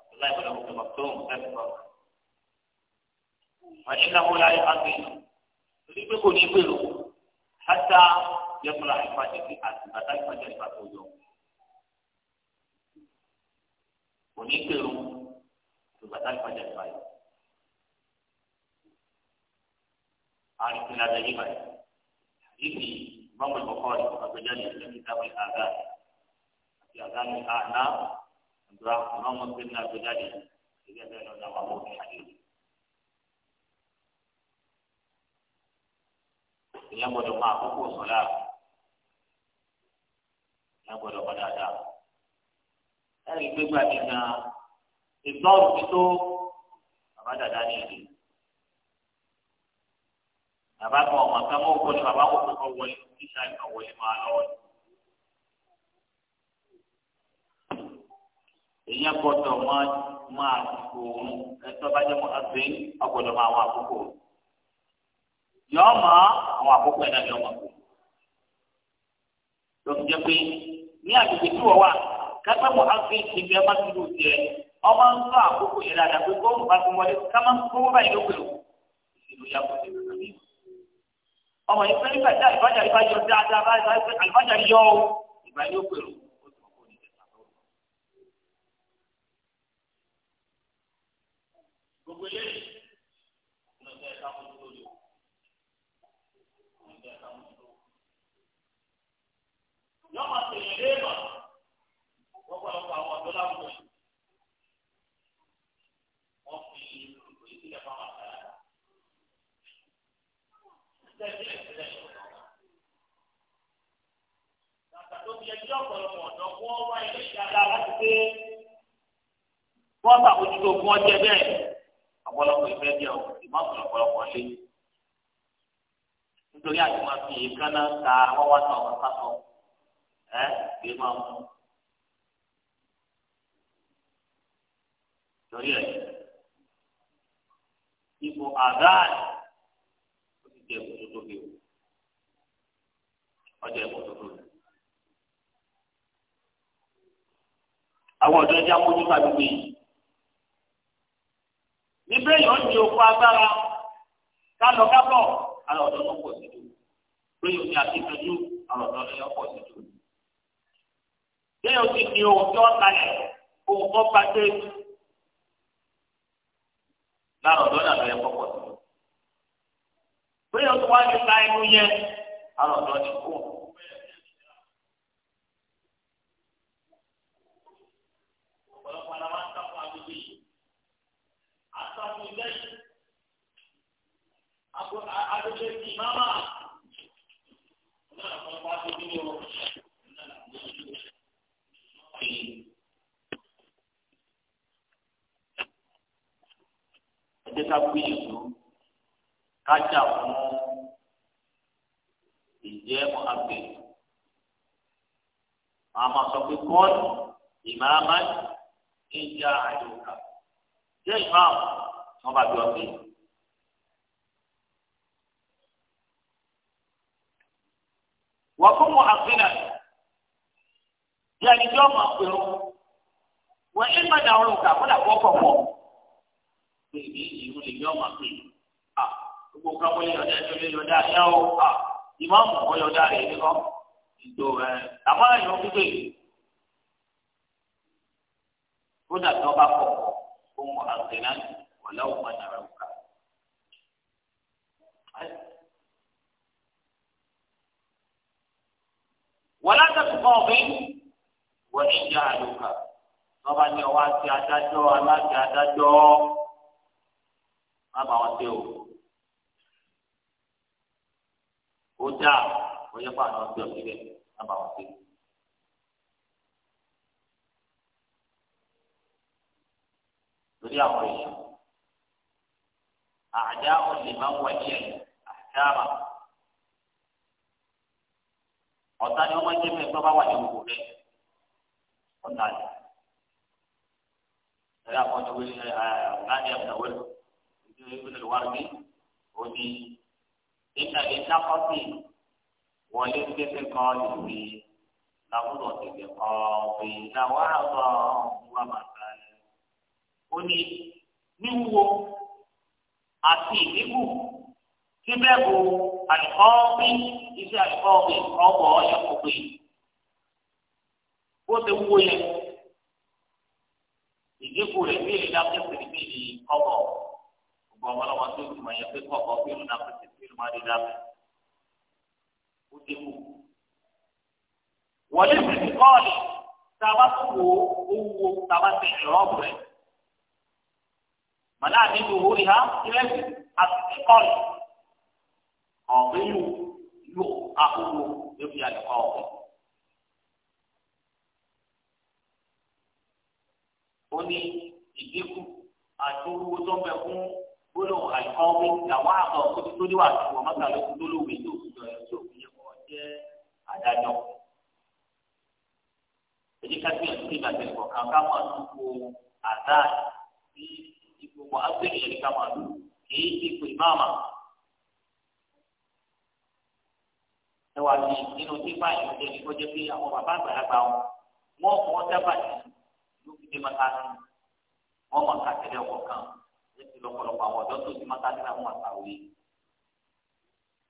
àbúlá ìbọ̀lẹ̀ òbí mọ̀tò ẹ̀fọ́. wàṣíláwó láyé yẹtọlá ìfàjẹ sí àtìgbàtà ìfàjẹ ìfàtò yọ òní kèrò àtìgbàtà ìfàjẹ ìfàyọ àrùkìlà lẹ́yìn báyìí ìdí bọmọ ìkọkọ rẹ àgbẹjáde ìfẹmí dábọ àgá àti àgá ní àná ìgbà ọmọ ìfẹmí àgbẹjáde ìgbẹjẹ lọ́dọ̀ àwọn ọmọ ìfàjẹ. èèyàn gbọ́dọ̀ máa kókó sọlá agbọ́dọ̀ wà dáadáa láti gbé gbàgbé gan ìgbọ́rù mi tó bàbá dáadáa ní ìlú bàbá kan ọmọ kan mọ́ òkú ni bàbá kò kọ́kọ́ wọlé kíṣà ìkan wọlé máa lọ́wọ́ ni. èèyàn gbọ́dọ̀ máa máa òun ẹtọ bá jẹ mọ àgbẹ ọgbọ́dọ̀ máa àwọn àkókò yọọ mọ àwọn àkókò ẹ náà yọọ mọ àkókò lọ pé ní àgbègbè tí wọ́n wà kápẹ́ mọ́ afi ìgbẹ́ má ti lò jẹ ọmọ ń sọ àkókò yẹn dáadáa pé kóòrùn bá ti wọlé ká má kówó báyìí ló pè ó ìṣèlú ya kò tẹ̀lé kàmí. ọmọ yìí pé nígbà tí àlùfáàjà yìí bá yọ dáadáa báyìí báyìí pé àlùfáàjà yọ ó ìgbà yóò pè ó ó ti kọ́kọ́ ní ìjẹta lọ́wọ́. gbogbo eléyìí lọ́sẹ̀ ẹ̀ka mọ́tò lórí o lọ́sẹ̀ ẹ̀ka mọ́tò lórí o. wọ́n sàkójútó fún ọjọ́ bẹ́ẹ̀ ọ̀pọ̀lọpọ̀ ìfẹ́ jẹ́ o ìmọ̀sùn ọ̀pọ̀lọpọ̀ lé nítorí àti máa fi èékánná ta wáwá tán wọn sásọ ẹ gbé máa mú torí ẹ ipò àdáàlì ó ti jẹ ìbùdó tó bí o ọjà ìbùdó tó bí o. àwọn ọ̀dọ́ ẹja mójútó àdúgbò yìí ibẹ̀ yóò di òkú agbára kálọ kábọ alọ ọdọ ló pọ̀ sí ju pé yóò di àtìtọjú alọ ọdọ ló pọ̀ sí ju bẹ́ẹ̀ o ti di ohun tí wọn kalẹ̀ ohun kan pàṣẹ lára ọdọ náà lọ yẹ kọ́kọ́ sí ju o yóò tún wá ní ta ẹnu yẹ alọ ọdọ ló pọ̀ sí àtúnṣe sí máma náà fún pàṣẹ nínú náà lójú ẹjẹ ká gbìyànjú ká jà fún ìjẹ́ mohammed àmọ́ sọ pé kọ́ọ̀lù ìmáàmá ń jà àyòkà jẹ́ ìmáàmù wọn bí wọn bí ẹni tí ọmọ pé o wọ́n ṣe má dà ọrùn kà kódà kó kọ̀ pọ̀ pé ìdí ìlú lè ní ọmọ pé à gbogbo nǹkan wọ́n lè yọ̀dá ẹjọ́ lè yọ̀dá ẹ̀yà o à ìmáàmù wọ́n yọ̀dá rẹ̀ nínú ìdò ẹ̀ àmọ́ ẹ̀yọ́ pípé kódà tí wọ́n bá kọ̀ ohun àgbẹ̀lá wọ̀lá òun má dà ọrùn kà. ولا تتقاضي wọ́n ní ìyá àlùkà lọ́ba ní ọwọ́ àti adájọ́ aláṣẹ adájọ́ má bà wọ́n dé o. ó dà ó yẹ fún àwọn ọ̀gbìn ọ̀gbìn rẹ̀ má bà wọ́n dé. lórí àwọn èèyàn àdá òlè máa ń wáyé ẹ̀ àdáàmà ọ̀tá ni wọ́n máa ń jẹ́ bá wà ní gbogbo rẹ̀ ọ̀tá rẹ̀. ẹ̀rọ àkọ́jọ wíwí ọ̀gáàdì ẹ̀fọ̀wé ìdí ìpínlẹ̀ wárìbí ó ní ìtàgé sákọ́tì wọlé pépé kan lùwí làbúrò tètè kan pé ìyàwó àgbà wà màtá rẹ̀. ó ní wíwúwo àti ìdínkù síbẹ̀ bu àlùkò ọ̀gbìn iṣẹ́ àlùkò ọ̀gbìn ọ̀gbọ̀ ọ̀yẹ̀kọ̀ bó ṣe wúwo yẹn ìdínkù rẹ̀ bí èyí lápẹ́sẹ̀ níbi ìlì kọ́kọ́ gbogbo àwọn ọlọ́wọ́ tó ti mọ̀ yẹn pé kọ́kọ́ bí ìlú lápẹ́sẹ̀ bí ìlú má dé lápẹ́ ó dínkù. wọlé ìpèsè kọ́ọ̀lì tá tó wo owó tá a bá ti ìrọ́bù rẹ̀ mọ̀lá àdínkù owó ni ha ìrẹ́sì àti kọ́ọ̀lì ọ̀gbẹ́yù yóò akówó lórí àlùkò ọ̀gbẹ́. ó ní ìdínkù àti owó tó ń bẹ fún gbólóhùn àìkọ́wé làwọn àgbà òkúti tó níwà tó wọ́n mọ́tà lókun tó lówe tó sùn lọ sí òfin yẹn kọ́ jẹ́ àdájọ́. èyí ká gbé ẹ̀sìn ìgbàgbé kọ̀ọ̀kan ká máa dúpọ̀ àdá sí ìgbòho agbèrè yẹn ká máa lù kì í ti pè máàmá. ẹ wà ní nínú tí báyìí ń jẹ́ ní kọjá pé àwọn bàbá àgbàlagbà wọn wọ́n fọwọ́ sábà ní dé mọ́tàdé wọ́n mọ̀ káàkiri ọkọ̀ kan lẹ́sìn lọ́pọ̀lọpọ̀ àwọn ọ̀dọ́ tó di mọ́tàdé ni wọ́n àtàwé yìí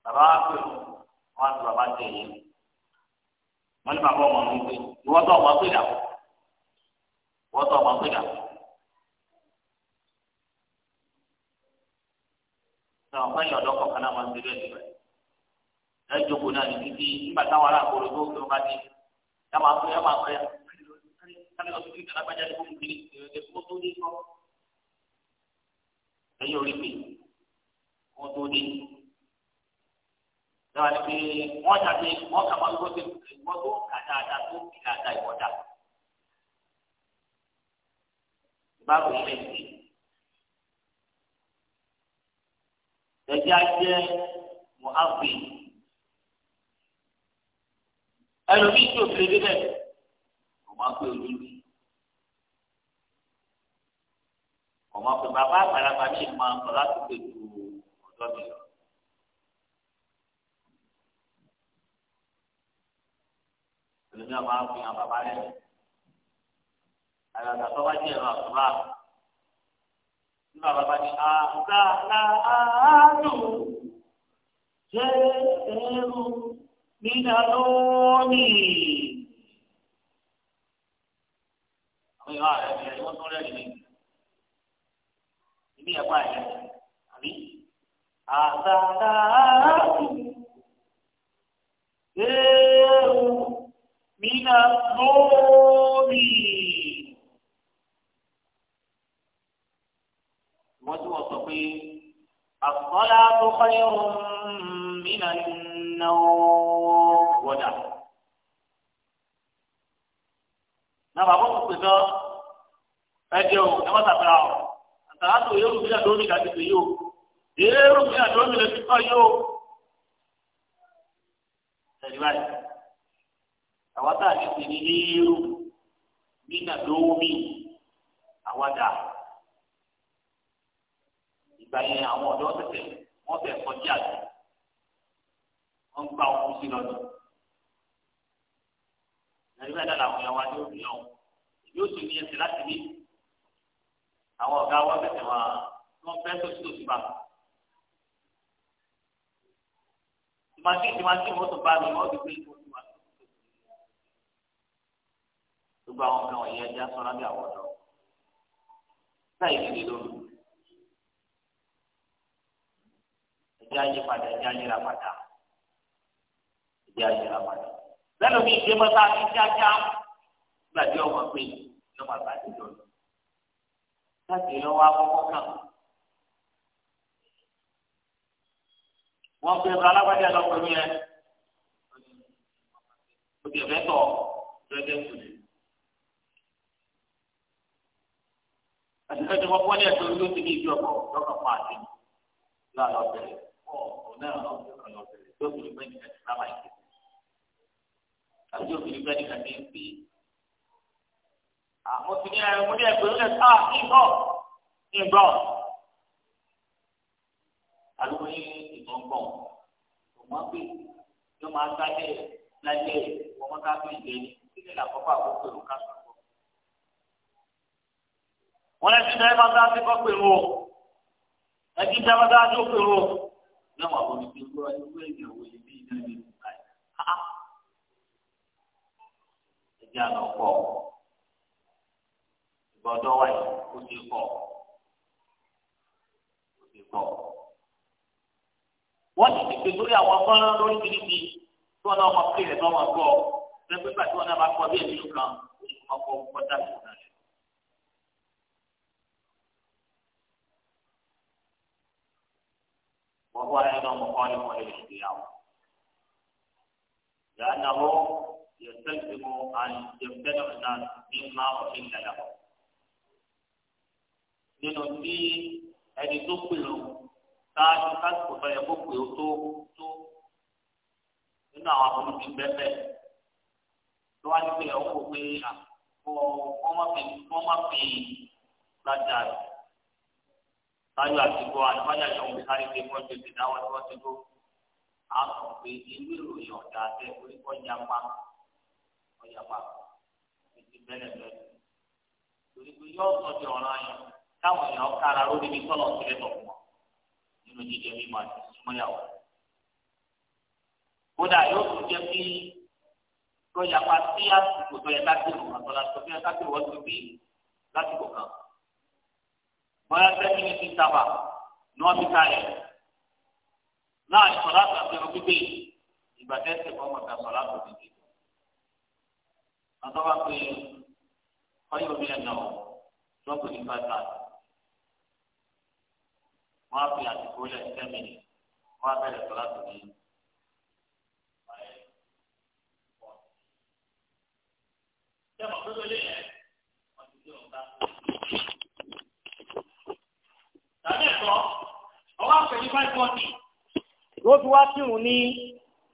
bàbá wa pè wọn àti bàbá tẹ yẹn wọn ní bàbá ọmọ mi pé ìwọ tó ọmọ pè dàpọ̀ ìwọ tó ọmọ pè dàpọ̀ sọ pé ìyọ̀dọ́ kọ̀ọ̀kan náà máa ń ṣeré ẹ̀dùn rẹ̀ ẹ jókòó náà ní títí nígbà táwọn aráàlú kò lóko tó bá dé ẹ máa pè ẹ máa pè kálí lọ sí alágbájá ní fún kiri ìrẹsẹ kó tó dé sọ ẹyọ orí mi kó tó dé dáwà ní pé wọn jáde wọn kà máa ń gbọ́dọ̀ ìwọ tó kà dáadáa tó kì dáadáa ìwọ dà báwo ni ẹ ti ẹjẹ ajẹ mọ àgbè ẹlòmíì tó fi lé débẹ̀ ọmọ pé olórí ọmọ pé bàbá àgbàlagbà ní ìmọ̀ ọ̀pọ̀ láti pè ju ọ̀dọ́ mi lọ. olùdíje máa ń fi hàn bàbá rẹ̀ àgbàgbà tó bá jẹ́ ẹ̀rọ àtúrà nígbà bàbá ní àgbàlá àádùn jẹ́ ẹ̀rù nígbà lónìí. àwọn ìwà rẹ̀ ni wọ́n tún rẹ̀ ní ibi ẹ̀kọ́ àyẹ̀ àbí. àtàtà ẹ̀rù mìíràn lórí. wọ́n náà bàbá kò pè sọ ẹjẹ o ẹ má sàfihàn o àtàrà tó yẹ olùbíyà tó ní ìdájọ́ yìí o yẹ olùbíyà tó ní ìdájọ́ yìí o. ẹ̀rí báyìí àwọn tá a ti pè ní yéérù nínà lómi àwàdà ìgbà yẹn àwọn ọ̀dọ́ tẹ̀tẹ̀ wọ́n fẹ́ kọjá àti wọ́n gba ọkùnrin sí lọ́dún ẹgbẹ́ ẹ̀dá làwọn èèyàn wa yóò lọ yóò tún ní ẹsẹ̀ láti ní àwọn ọ̀gá wa bẹ̀rẹ̀ wa wọ́n fẹ́ tó tó bá tìmátì tìmátì wọ́n bá mi wọ́n ti gbé ìfowópamọ́ tìmátì gbogbo àwọn ọ̀gá wọ̀nyí ẹja sọ́ra bí àwọn ọ̀dọ́ sáyé ti di lóru ẹja yí padà ẹja yíra padà ẹja yíra padà lẹ́nu mi ìdè mọ́ta ní kíákíá gbàdé ọmọ pé ló máa bàjẹ́ lọ́nà. Láti lọ wá kọ́kọ́ kàn. Wọ́n pe ọ̀rọ̀ alágbádé ọlọ́kùnrin yẹn. Òkè mẹ́tọ̀ lọ́dẹ kùnì. Àtúntò tí wọ́n pọ́n ní ẹ̀sọ́ ló ti ní ìjọba lọ́kàn fún àti lọ́ọ̀lọ́bẹ̀rẹ̀. Ọ̀ọ́ náà lọ́ọ̀bẹ̀rẹ̀ lọ́ọ̀bẹ̀rẹ̀ tó kùnì pé ní ẹ̀sìn náà máa ń kéde àti obìnrin bẹ́ẹ̀ ní kàdé ń pè é. àwọn obìnrin ẹ̀rọ mo ní ẹgbẹ̀rún lẹ̀ sáà ní ìbọ̀ ní ìbọ̀. àlùkò ní ìbọn bọ̀ ọmọ pé yóò máa sáré lálẹ́ ọmọ ká fi ìdè ní sílẹ̀ làkọ́kọ́ àkókò ìlú ká sọ̀rọ̀. wọ́n lè ti dẹ́rẹ́ bàtà sí kọ́ pèrò ẹtí dẹ́rẹ́ bàtà sí kọ́ pèrò. yọ̀wọ̀ àbọ̀ mi ti gbọ́ ẹgbẹ́ ìyàwó ilé bí ìdájọ́ ìlú ká ní àná pọ̀ ìgbọ́dọ̀ wáyé ó ti pọ̀ ó ti pọ̀ wọ́n ti ti pèsè lórí àwọn ọgbọ́n lórí kìrìkì tí wọ́n náà máa pè rẹ̀ lọ́wọ́ gbọ́ lẹ́gbẹ́ gbà tí wọ́n náà bá kọ́ bí ènìyàn kan ó ní kọ́ kọ́ kọ́ dà sí náà. wọ́n wá ẹni ọmọ kan ní wọ́n lè ṣe ìyàwó. ìyá náà يستلزم أن يمتنع الناس مما أحل لهم nínú tí ẹni tó pè lọ ṣáájú kásìkò tó yẹ kó pè ó tó tó nínú àwọn aburúkú bẹ́ẹ̀ tó wá nípa ẹ̀ ọkọ̀ pé wọ́n má fi gbàjà ṣáájú àsìkò àdìbájà yẹn wọ́n sáré pé wọ́n ti dáwọ́ tí wọ́n ti tó àkànpé inú ọ̀yà papọ̀ ètò bẹ́lẹ̀bẹ́ torí pé yọ ọ̀sọ̀dì ọ̀ràn yẹn káwọn èèyàn kára lórí ibi tọ́lọ̀ sílẹ̀ tọ̀ fún wọn nínú jíjẹ mímọ àti súnmọ́yàwó. kódà yóò tún jẹ́ kí lọ́yà pa sí àsìkò tó yẹ kákìrò àtọ́lá tó yẹ kákìrò wọ́n ti gbé lásìkò kan. bóyá sẹ́ni ní ti sábà ní wọ́n ti kalẹ̀ láàrin sọ̀rọ̀ àtàkùn ẹ̀rọ gbígbé ìgbà tẹ́sí ọmọ ìgbà sọ̀rọ̀ àtàkùn ẹ̀rọ àtọ́wá pé ọyọ mi ẹ̀ náà lọ́pọ̀ ní five thousand wọ́n á fi àsìkò lẹ̀ ten minutes wọ́n á bẹ̀rẹ̀ sọ láti ní. ṣé màá tó tó lé yẹn wọ́n ti dé ọ̀gá. tàbí ẹ̀kọ́ ọwọ́ àpè five forty. ló wá kírun ní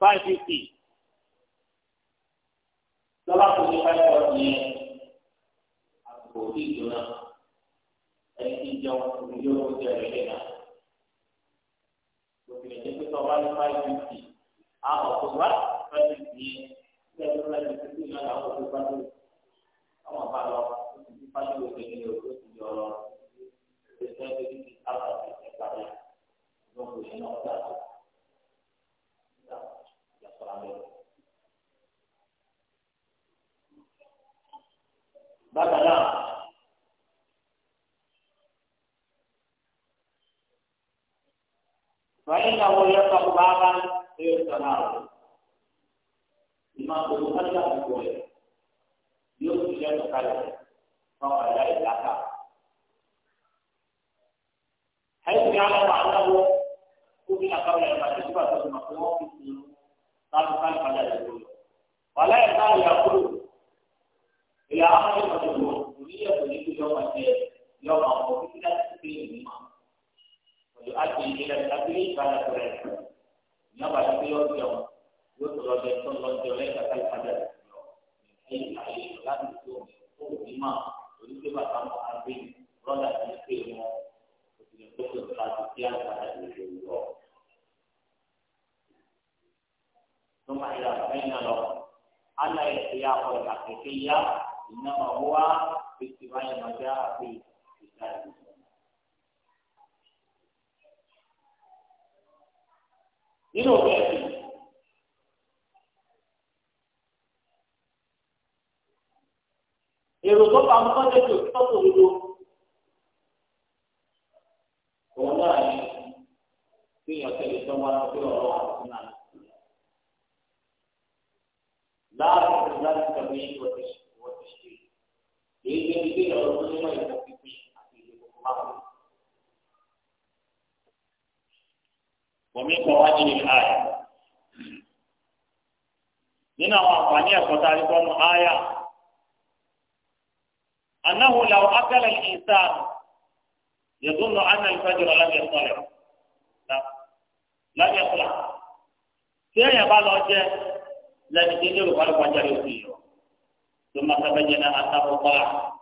five fifty lọ́ba tó ṣe fẹ́ sọ yẹn àpò tí ìjọba ẹni tí jẹun ní yóò kó jẹ ẹ̀rẹ́ náà òfin ẹ̀jẹ̀ pé tọ́ba ní five fifty àwọn tó wá five fifty yẹn ṣé ẹ̀rọ láti fi kí ìlànà àwọn tó bá tó àwọn bá lọ ó ti bá tó òfin ní òkú ti yọ lọ ó ti sọ ẹgbẹ́ títí àbàtì ẹ̀ka lọ́kùnrin náà dáa. bákan náà. فإنه يفتح بابا ليستنار لما قلت هذا بقوله يوم يفتح كلمة فهو لا يتلقى حيث يعلم أنه قبل قبل المكتبة ثم قوم قالوا قال فلا يقول ولا يزال يقول ìyá àwọn ọmọ tó lò oníyẹ kò ní kí lọ́wọ́ ṣe lọ́wọ́ àwọn òbí tí láti ṣe ìlú mọ́. pẹ̀lú àti ìlera ìdábílẹ̀ ìbára rẹ̀ ìyáwó àti yóò jẹun yóò tó lọ́jọ́ tó lọ́jọ́ lẹ́yìn àti ìpadà rẹ̀ lọ. ẹ̀yìn àyè láti tó tó òbí mọ́ oníṣẹ́ bàtà mọ́ àgbẹ̀ rọ́dà ti ṣe wọn òṣèlú tó tó láti ṣe àgbàdo ìlú lọ. ثم إلى بين لهم أن الاختيار الحقيقية إنما هو باتباع ما جاء في كتاب nínú ọ̀rọ̀ ẹ̀sìn èrò tó bá mú kọ́jọ́ tó tó tòdodo òun náà ni kí èèyàn tẹ̀lé tó wá lọ sí ọ̀rọ̀ àwọn náà láàrin ìlú láti tẹ̀lé ìwọ̀n èyí tó ti gbé ọ̀rọ̀ tó nínú ìmọ̀ pípín àti ìlú kòkó máa wọ̀. Bọ̀mí kọ̀ wá ní ìlú ààyè. Nínú àwọn àǹfààní ẹ̀kọ́ tá a rí kọ́nu ààyà. Anáhùn làwọn akẹ́lẹ̀ ìsàn yẹ̀dún lọ ánà ìfẹ́jọ́ lọ́lẹ́ sọ̀rọ̀. Lọ́lẹ́ sọ̀rọ̀. Tí èèyàn bá lọ jẹ lẹ́ni tí ní olùkọ́ ló kọjá lóṣù yìí. ثم تبين أنه طلع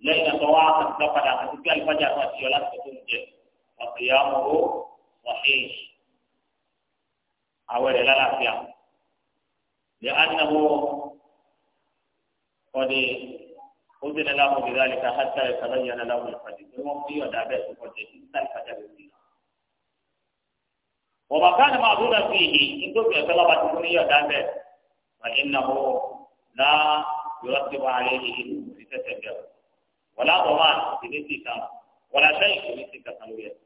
ليلة طواعة فقد تلك الفجر وسيولات تنجح وقيامه صحيح أو لا لا فيها لأنه قد أذن له بذلك حتى يتبين له الفجر المفتي ودابئ الفجر الفجر فيها وما كان معذورا فيه إن كنت يتلقى تكوني ودابئ فإنه لا يرتب عليه لتتبعه ولا ضمان لنسيك ولا شيء لنسيك تنوية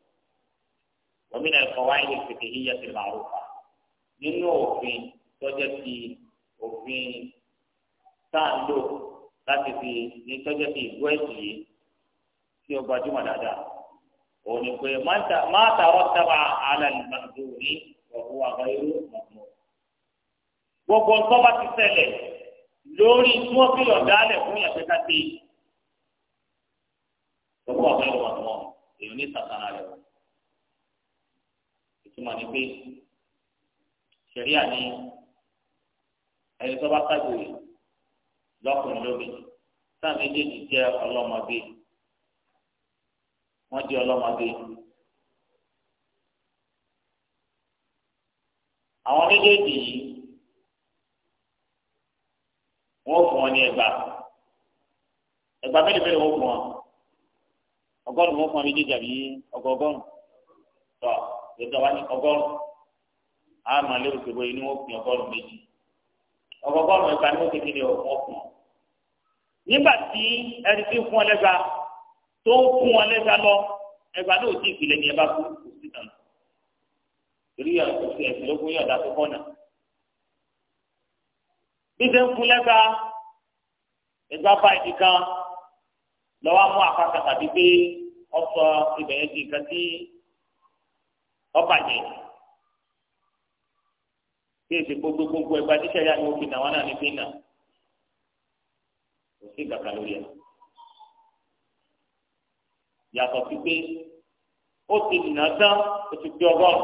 ومن القواعد الفقهية المعروفة nínú òfin tọ́jọ́ ti òfin sáńdò láti fi ní tọ́jọ́ ti ìlú ẹ̀sìn yìí tí ó gbajúmọ̀ dáadáa òun ni pé máa tààrọ̀ sábà alàlùmọ̀tò ní ọ̀hún àgbáyé ló mọ̀ mọ́. gbogbo nǹkan bá ti ṣẹlẹ̀ lórí tí wọ́n fi ọ̀dà alẹ̀ fún yàtọ̀ káte lọ́wọ́ ọ̀gá ìwà wọn èèyàn ní sàtàrà rẹ̀ wọ́n. ìtumọ̀ ni pé ṣẹ̀ríà ni ẹni tó bá kájòyè lọ́kùnrin lóbi sáà méjèèjì jẹ́ ọlọ́mọdé wọ́n jẹ́ ọlọ́mọdé. àwọn méjèèjì yìí wọ́n fún ọ ní ẹgbà ẹgbà mélòó mélòó wọ́n fún ọ ọgọ́rùn wọ́n fún ọ méjèèjì àbí ọgọ́gọ́rùn tọ ìjọba wa ní ọgọ́rùn á máa lérò pé bóyá inú wọ́n fún ọgọ́rùn méjì ọgọ́gọ́rùn ẹgbà ní òkè kéde wọ́n fún ọ. nígbà tí ẹni tí ń fún ọ lẹ́gbà tó ń fún ọ lẹ́gbà lọ ẹgbà náà ò tí ì fi lẹ́ni ẹ títí ń fún lẹ́ka ìgbà báyìí kan lọ́wọ́ mú àpáta tàbí pé ọ̀sọ̀ ibẹ̀ yẹn di nǹkan tí ọ̀bàjẹ́ kí èsì gbogbo gbogbo ẹgbàá tíṣẹ́ yá ni ó fi nà wọn náà ní fi nà kò sí ìgbàgbà lórí ẹ̀ yàtọ̀ sí pé ó ti nà tán ó ti pé ọgọ́rùn-ún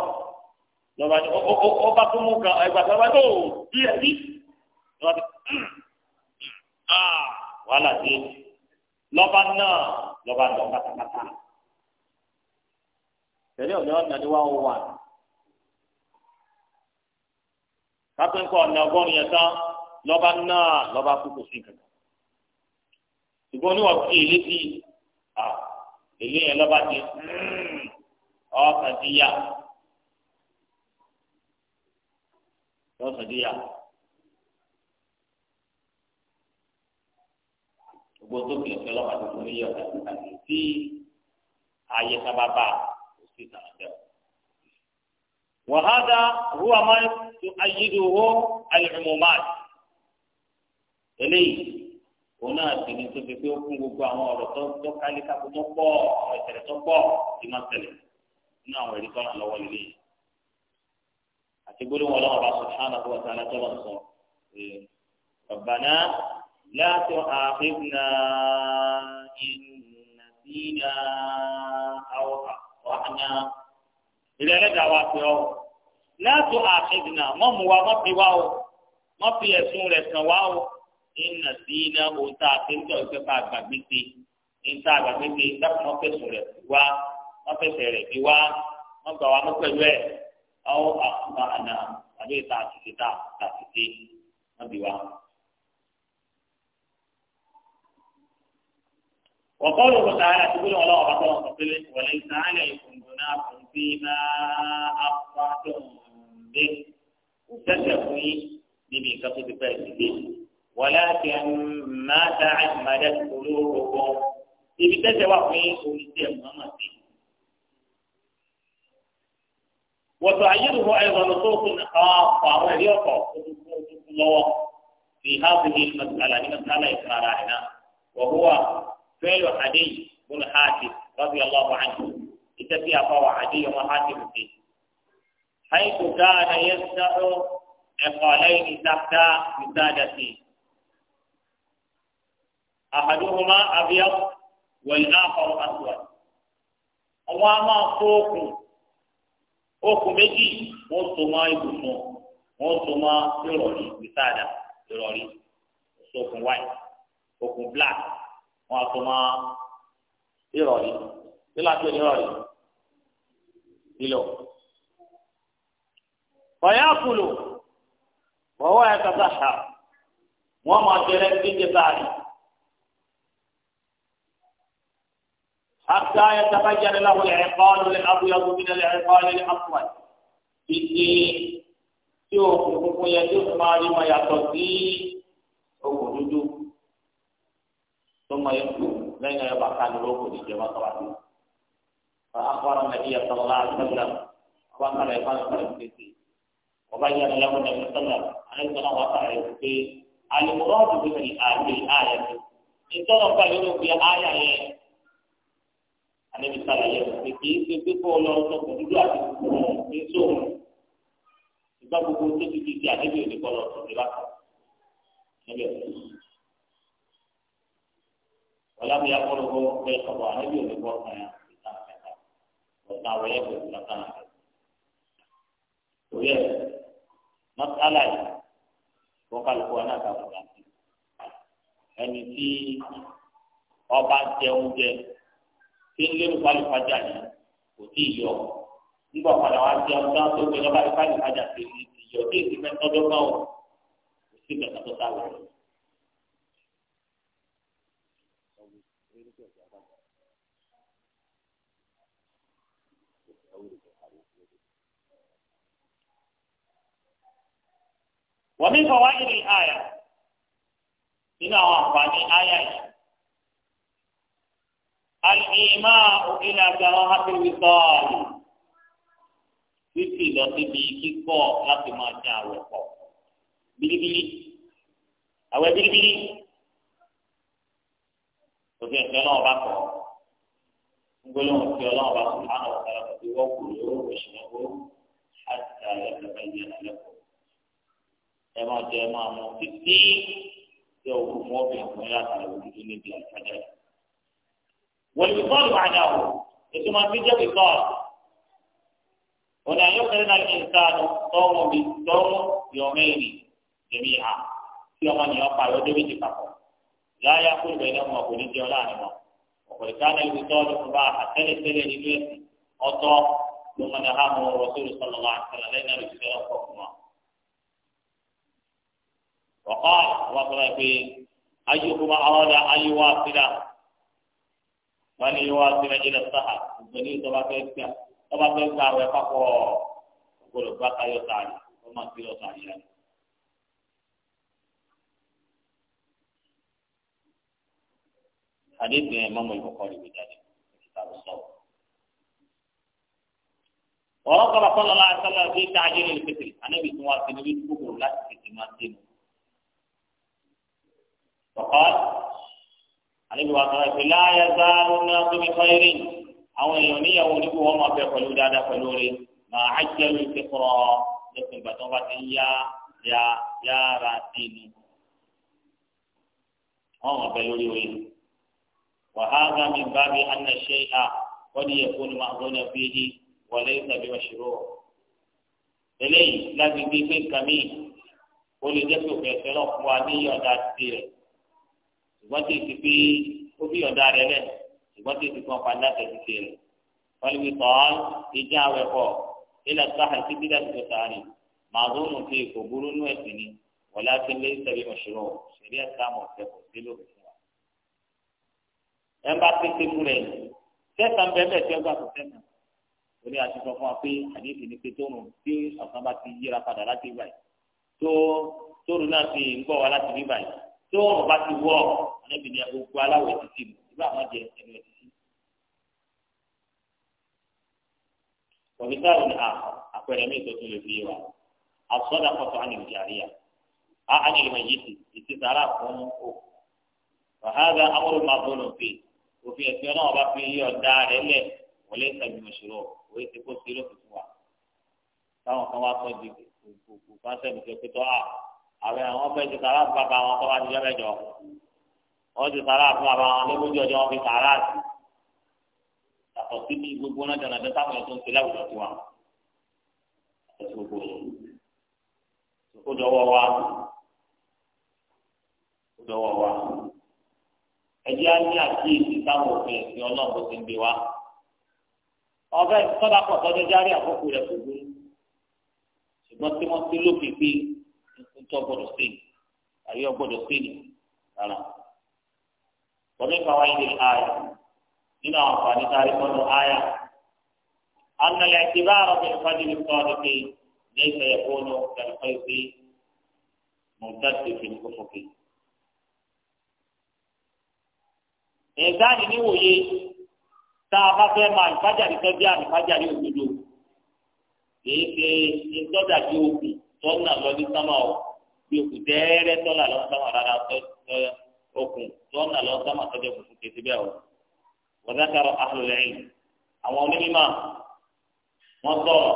lọ́ba ni ó bá tún mú kan ẹgbàá tó bá tó bí ẹ̀ bí ni wọ́n ti ah, wàhálà dé lọ́ba náà lọ́ba lọ pátápátá tẹ̀lé ọ̀nà ọ̀nà ni wọ́n wà kápẹ́ńkọ̀ ọ̀nà ọgọ́rin yẹn tán lọ́ba náà lọ́ba kú kò sí kankan ṣùgbọ́n oníwà fi èlé sí èlé yẹn lọ́ba di hmm, ọ̀sán díyà ọ̀sán díyà. gbogbo sókè ọ̀fẹ́ lọ́wọ́ àti gbogbo yíyọ̀ àti tí ayé sábà bá kò sí ìtàn وهذا هو ما تؤيده العمومات إليه ona àtìní tó fi pé ó kún gbogbo àwọn ọ̀rọ̀ tó tó kálí kakú tó pọ̀ àwọn ìṣẹ̀lẹ̀ tó pọ̀ tí máa ń ṣẹlẹ̀ nínú àwọn ẹ̀rí tọ́lá lọ́wọ́ lílé àti gbólóhùn ọlọ́run ọba sọ لا تؤاخذنا إن نسينا أو أخطأنا إذا رجع واسعه لا تؤاخذنا ما هو ما في واو ما في يسون لسنا واو إن نسينا أو تأخذنا أو تأخذنا بيتي إن تأخذنا بيتي لا ما في يسون لسنا ما في سيرة في ما في واو ما في واو أو أخطأنا أبي تأخذنا تأخذنا ما في واو وقوله تعالى تقول الله أعطوا فصل وليس عليكم جناح فيما أخطأتم به تشفي بمن كفت فاسدين ولكن ما تعمدت قلوبكم في بتشفي ومسيح فيه وتعيده أيضا نصوص خاصة وليقى نصوص الله في هذه المسألة لمسألة إقرارنا وهو bẹ́ẹ̀ àdé bùnú hàtì rọ́bì ọlọ́wọ́ àjò ìtẹ́ bí afọwọ́ àdé ọmọ hàtì rùdè. àìkú dáadáa yẹn sọ́ọ́ ẹ̀kọ́ lẹ́yìn ìtàkà ìtàdàsí. àhàdúhùmá abiyam wẹ̀lẹ́ àkọ́rọ́ àtúwà. a máa kó so ma ibùsùn wọ́n so mọ́ ìrọ̀lì ìtàdà white okùn black. wọn a tó máa irọ yìí ìrọ̀lì nílò àti ìrọ̀lì ìlò. bọ̀yá kulu bọ̀wọ́ ẹ̀ kàtà ṣá wọ́n máa jẹrẹ díje sáàrì. حتى يتبين له العقال الابيض من العقال الاسود títí tí òkùnkùn yẹn tó máa rí máa yàtọ̀ sí òkùn dúdú. ثم يكتب لين يضع عن الوقوف الجماعة طبعا فأخبر النبي صلى الله عليه وسلم وقال يقال الفلسطيني وبين له النبي صلى الله عليه وسلم أن الله وقع في المراد بالآية إن ترى فعلوا في آية النبي صلى الله عليه وسلم في كيف يقول له في سوره ìgbà gbogbo tó ti di ti àdébíyàn ní kọlọ tó ti bá kọ níbẹ̀ wọlábi akọlọgbọ pé ọgbà níbi òdìbò ọkàn yà ìtàn kẹta ọgbà àwọn ẹgbẹ́ ìtàn kẹta torí ẹ mọtálà yìí wọn kálukú wọn náà kàwé dàbí ẹni tí ọba jẹun jẹ tí ń lérò kálukú ajá yìí kò tí ì yọ nígbà padà wá jẹun tí wọn tó gbé lọ bá kálukú sí i ti yọ tí èsì mẹtọdọgbọn o kò sí mẹtọdọgbọn o. wọ́n mi fọwọ́ ìrì àyà nínú àwọn àǹfààní àyà yìí. Àlìmá òkèlè àgbàrá hápẹ́wì sọ́ọ̀lù títí lọ síbi kíkọ́ láti máa dín àwẹ̀ pọ̀. Bílíbílí àwẹ̀ bílíbílí òfin ẹ̀fẹ́ náà bá kọ̀ ngolóhùn tí ọlọ́run bá sùn lánàá ọ̀sára pẹ̀lú wọ́pù lóró òṣìṣẹ́ àti àyẹ̀fẹ́ bẹ́ẹ̀ yẹn lẹ́kọ̀ọ́ ẹ máa jẹ ẹ máa mọ títí tí o kú fún ọbẹ̀ fún yàrá àtàlẹ́ òdodo níbi àtàlẹ́. wọ́n ti bọ́ọ̀lù àná o ètò máa fi jẹ́ pípọ́ ọ̀nà ayọ́kẹ́lẹ́ náà ní ìsáàdù tọ́wọ́ bí tọ́wọ́ yọ̀mẹ́rì lèmi hà tí ọmọ nìyàn parí ọdún méjì papọ̀ láyà kó ìgbẹ́ náà wọn kò ní jẹun láàrin wọn ọ̀pọ̀lọpọ̀ ìdáná ọ̀kọ́ wà sọ̀rọ̀ pé ayélujára àwọn ọ̀dà ayéwà síra wọn ni yíwá síra ilẹ̀ sáà ìgbẹ́ ní ìjọba fẹ́ gbà ọba fẹ́ gbà wẹ́ pápọ̀ ọgbọ́dọ̀ gbà tayọ̀ sàárì wọ́n máa ti lọ sàárì yẹn. حديث الإمام البخاري بذلك كتاب الصوم ورغب صلى الله عليه وسلم في تعجيل الفطر أنا بسمعت النبي تقول لا تسمعتني ọ̀kọ́ àlejò wa sọ̀rọ̀ ìpè láàyè záàlú náà tó fi kọ́ eré àwọn èèyàn níyàwó oníkó wọn máa bẹ pẹ̀lú dáadáa pẹ̀lú orí máa á jẹ́ lórí kíkọ́rọ̀ lẹ́sìn ìgbà tí wọ́n bá ti ń yá yára sí inú wọn máa bẹ lórí orí wàhálà mi bá mi àná ṣe à wọ́n ní ẹ̀kọ́ ni máa gbóná fi yí wọlé tàbí ọ̀ṣirò eléyìí láti gbé pé kàmí olùdókòwò ẹ̀fẹ́ náà fún wa níyàn dáadé rẹ̀ ṣùgbọ́n tí èsì pé ó bí ọ̀dà rẹ lẹ̀ ṣùgbọ́n tí èsì kan padà tẹ̀sí ṣe rẹ̀ wọ́n lè tọ́ ìjà awẹ pọ̀ ilẹ̀ sáà sí bí dàtúkọ̀ sáré màá zónù fi kò burú nú ẹ̀sìn ni wọ́n lè ti lé sẹ́bi ọ̀ṣọ́rọ̀ ṣẹ̀rí ẹ̀sà mọ̀ ọ̀sẹ̀ kò sí lóbi fún wa. ẹ̀ ń bá ti ṣe fún rẹ̀ sẹ́sà ń bẹ́ẹ̀ tí ó gbà kó sẹ́sà orí aṣọ fún wa pé àdéhùn ní pé tóorùn tí ọ̀sán bá ti yíra padà láti báyìí tó tóorùn náà ti ń bọ̀ wá láti bí báyìí tó ọ̀rọ̀ bá ti wọ̀ ọ̀nàbìnrin agogo aláwọ̀ títì mu ìlú àwọn jẹ ẹnu ẹ̀ títì. kọ̀mítàrún àpẹẹrẹ mi tó tún lè fi wà àsọdà kọ̀tọ̀ ànìmìjàríà ànìmìjìtì ìtìsára fún òkú. wàhálà amúlò máa bọ̀ lọ́pẹ́ òfin ẹ̀sìn ọlọ́wọ́ bá fi yí ọ̀dà rẹ̀ lẹ̀ wọlé ìtàbí mọ̀ṣúrò òwe ti kó sí lókè fún wa. táwọn kan wá sọ àwọn àwọn fẹẹ ti sàrà fún bàbá wọn tó bá ti jẹ mẹ́jọ wọn ti sàrà fún bàbá wọn lógójì ọjọ́ wọn fi sàrà sí yàtọ̀ sí bí gbogbo náà jọ̀nà dẹ́ta wọn tó ń ti láwùjọ tiwa yàtọ̀ sí gbogbo yẹn ó dọwọ́ wa ó dọwọ́ wa ẹjẹ́ á ní àkíyèsí táwọn òfin ẹ̀sìn ọlọ́run ti ń gbé wa ọbẹ̀ sọ́dà pọ̀ sọ́dọ̀ járí àkókò rẹ̀ kò ṣùgbọ́n tí wọ́n ti lókè pé tó gbọ́dọ̀ sí ni àyè ọgbọ́dọ̀ sí ni rárá. wọ́n nípa wáyé ní àyà nínú àwọn àǹfààní sáré gbọ́dọ̀ àyà. أن الاعتبار بالقدر الصادق ليس يكون كالخيط ممتد في الأفق ìdáni níwòye tá a bá fẹ́ máa ìfájàrí fẹ́ bí àmì ìfájàrí òdodo kìí ṣe ìtọ́jà tí o bì tọ́nà lọ ní sámà ọ̀ bí òkú dẹ́rẹ́ tọ́lá lọ sámà rárá okùn tọ́lá lọ sámà tọ́jú okùn fún kẹsì bẹ́ẹ̀ o wọ́n dákàrọ̀ àlùlẹ́yìn àwọn onímọ̀ wọ́n sọ̀rọ̀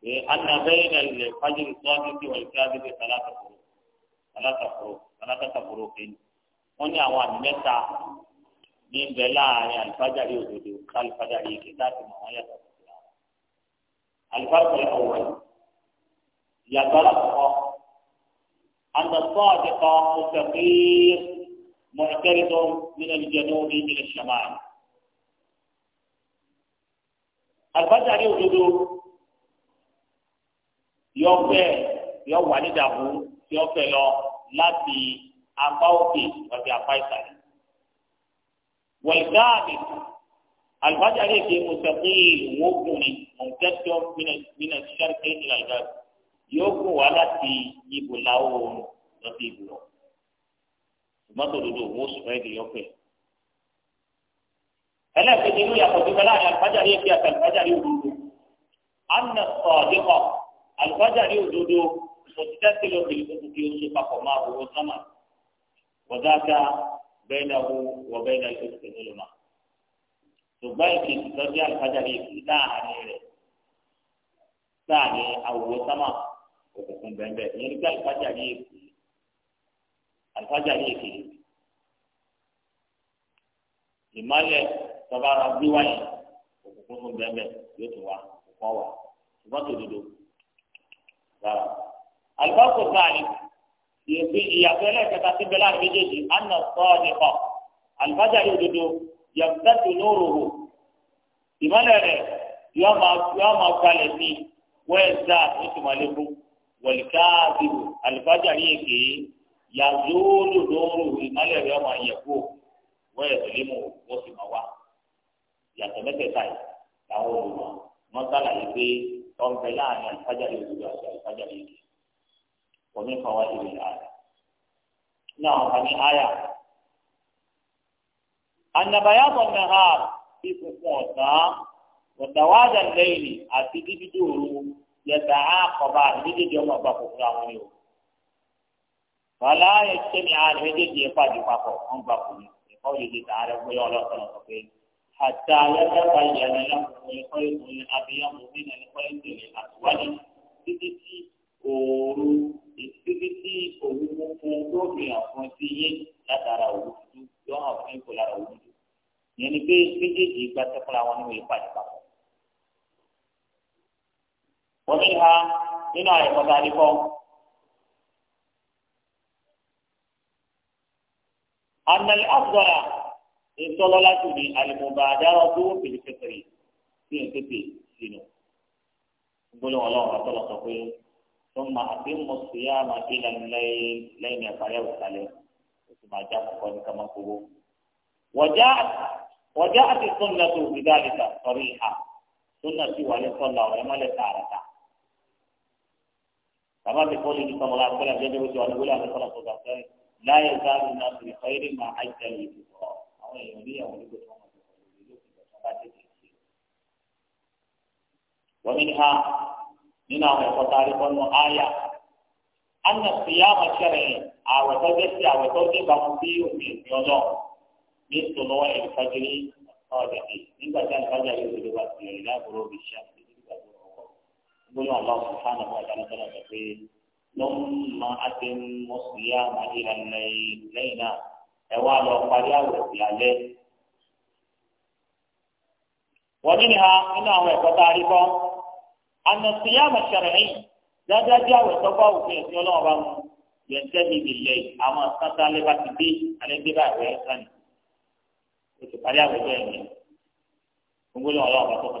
pé anabẹ́yìn ẹ̀lẹ́ fájìrì sọ́ọ́dún tí wọ́n fi adébẹ̀ sálátàkùrọ̀ sálátàkùrọ̀ sálátàkùrọ̀ kéyìn wọ́n ní àwọn àmì mẹ́ta ní bẹ láàrin alifájàrí òdodo alifájàrí èké láti mọ àwọn yàtọ̀ sí ara alifájàrí ọ̀wọ̀ yàtọ̀ alákọ̀ọ́ أن الصادق مستقيم معترض من الجنوب إلى الشمال الفجر يوجد يوفي yóò wà ní ìdààmú tí ó fẹ́ lọ láti apá òkè àti apá ìsàlẹ̀. wẹ̀lgáàmì alùpàdé àlejò mùsàkì ìwọ́gùnrin mọ̀nkẹ́tọ̀ mìnà sẹ́ríkì ìlàlùbáàbì yóò kó wa láti ibò láwọ oòrùn lọ sí ibò lọ ṣùgbọ́n tó dodo òun ó sùn fẹ́ẹ́ di yọpẹ́. ẹlẹ́ẹ̀kejì inú yàtọ̀ tó bẹ́ẹ̀ láàrin alifájàrí èké àti alifájàrí òdodo anna sọ̀ọ́dẹ́kọ̀ alifájàrí òdodo òtítẹ́ sí lọ sí ìfúnfún kí papọ̀ máa wọ sọ́mà wọ́dáká bẹ́ẹ̀ náà wọ bẹ́ẹ̀ náà ìfúnfún kí ó ṣe ṣùgbọ́n ìkejì tó dé èké láàrin rẹ̀ láàrin àwòrán sọ́mà òkùnkùn bẹ́ẹ̀ ìyẹn ní pé àlùfáàjà ní èkó àlùfáàjà ní èkó ìmọ̀lẹ̀ tọ́ba ara gbé wáyé òkùnkùn fún bẹ́ẹ̀ yóò tún wá òkùnkùn wà ṣùgbọ́n tó dodo rárá. àlùfáàkò sáàlì ìyẹ̀pẹ̀ ìyàtọ̀ ẹlẹ́ẹ̀kẹta sí bẹ́ẹ̀ láàrin méjèèjì àná sọ́ọ̀ nípa àlùfáàjà yóò dodo yàtọ̀ tó lóòrò ìmọ̀lẹ̀ rẹ̀ yóò máa gbalẹ̀ sí wẹ́ẹ̀sà ó sì máa wọ̀lìkáàbìrù àlùfájàrí yake yàzóòlù lóòrù ìmọ̀lẹ̀ rẹ̀ ọmọ àyẹ̀kú wọ́n yẹ̀ tẹ̀lé mu wọ́n sì máa wá yàtọ̀ mẹ́tẹ̀ẹ̀ta yìí làwọn olùmọ̀ wọ́n sàlàyé pé ọ̀nbẹ láàrin àlùfájàrí òdodo àti àlùfájàrí èké wọ́n ní fọwọ́ ìwé ààrẹ. ní àwọn kan ní àyà ànàbàyàtọ̀ mẹ́hà fífún yẹta àkọ́bá méjèèjì ọmọ àpapọ̀ fún àwọn yòó wàlá ẹsẹ ní àárẹ méjèèjì ìpàdé papọ̀ wọn gbà kù ní ẹ̀kọ́ yìí ta àárẹ pé ọlọ́sọ̀ lọ́sọ̀ pé àtà ayẹyẹta ìyàrá lọ́kùnrin ẹ̀kọ́ ìkùnrin abiyamọ nínú ẹ̀kọ́ ìkùnrin àtiwájú títí tí òòrù títí tí òwú funfun tó fi hàn fún sí yé látara òwú dúdú yọ hàn fún ìkọlára òwú dúdú yẹn ni pé méjèèjì gbàtẹ́kọ̀ọ́ wọ́n ní ha nínú àìkọ́ta nípọ́. ànàlẹ́ àfọ̀rà ìtọ́lọ́lá tó ní àlùmọ̀bàdàrọ̀ tó fìlì fẹ́tẹ̀rì sí ẹ̀ tètè sínú. gbólóhùn ọlọ́run àtọ́lọ́ sọ pé ثم أتم الصيام إلى الليل لين يفعله سليم ثم جاء فقال كما قلوا وجاءت وجاءت السنة بذلك صريحة سنة ولي صلى الله عليه وسلم كما في قوله صلى الله عليه وسلم يدعو أن يقول عليه الصلاة والسلام لا يزال الناس بخير ما عجل الانتصار أو يومية ولقد ومنها من أمر فتاريخ آية أن الصيام الشرعي أو توجه أو توجه بمسيء من يوم من طلوع الفجر الصادق من بدأ الفجر إلى غروب الشمس gbọ́dọ̀ àlọ́ sùfàànà wà dáradára rẹ̀ pé lọ́mọ àti mọ̀sùlùyà màdìrà lẹ́yìn náà ẹ̀ wá lọ parí àwẹ̀ sí alẹ́. wọ́n ní ha nínú àwọn ẹ̀kọ́ tá a rí kọ́ ànàsùyà màṣẹ̀rẹ̀ yìí dáadáa jẹ́ àwẹ̀ tó bá òfin ẹ̀sìn ọlọ́run bá mu yẹn tẹ́lẹ̀ ìbílẹ̀ àwọn sáńtà alẹ́ ti dé alẹ́ gbé bá àwẹ̀ ẹ̀sán ni o parí àwẹ̀ bẹ́ẹ̀ ni gbogbo ọlọ́run bá tó kọ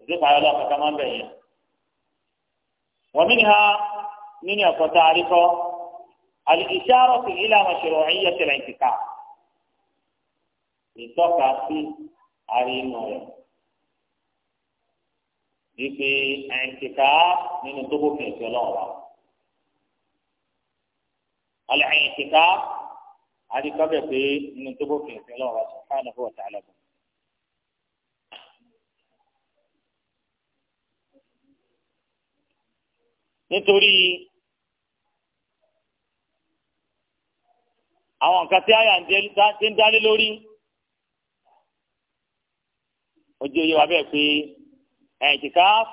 òsì pààyọ lọ kàkà máa ń bẹ yẹn wọn mi ni ha nínú ẹ̀kọ́ tá a rí kọ al-isharatu ila mashru'iyyati al-i'tikaf ìtọ́ka sí àrínú rẹ̀ wípé i'tikaf nínú tó bófin ìfẹ́ lọ́wọ́ wa al-i'tikaf àríkọ́ bẹ̀ pé nínú tó bófin ìfẹ́ lọ́wọ́ wa subhanahu wa ta'ala bọ̀. nítorí àwọn nǹkan tí àyà ti ń dálé lórí ojú oyè o bẹ́ẹ̀ pé ẹ̀ẹ́dìkáf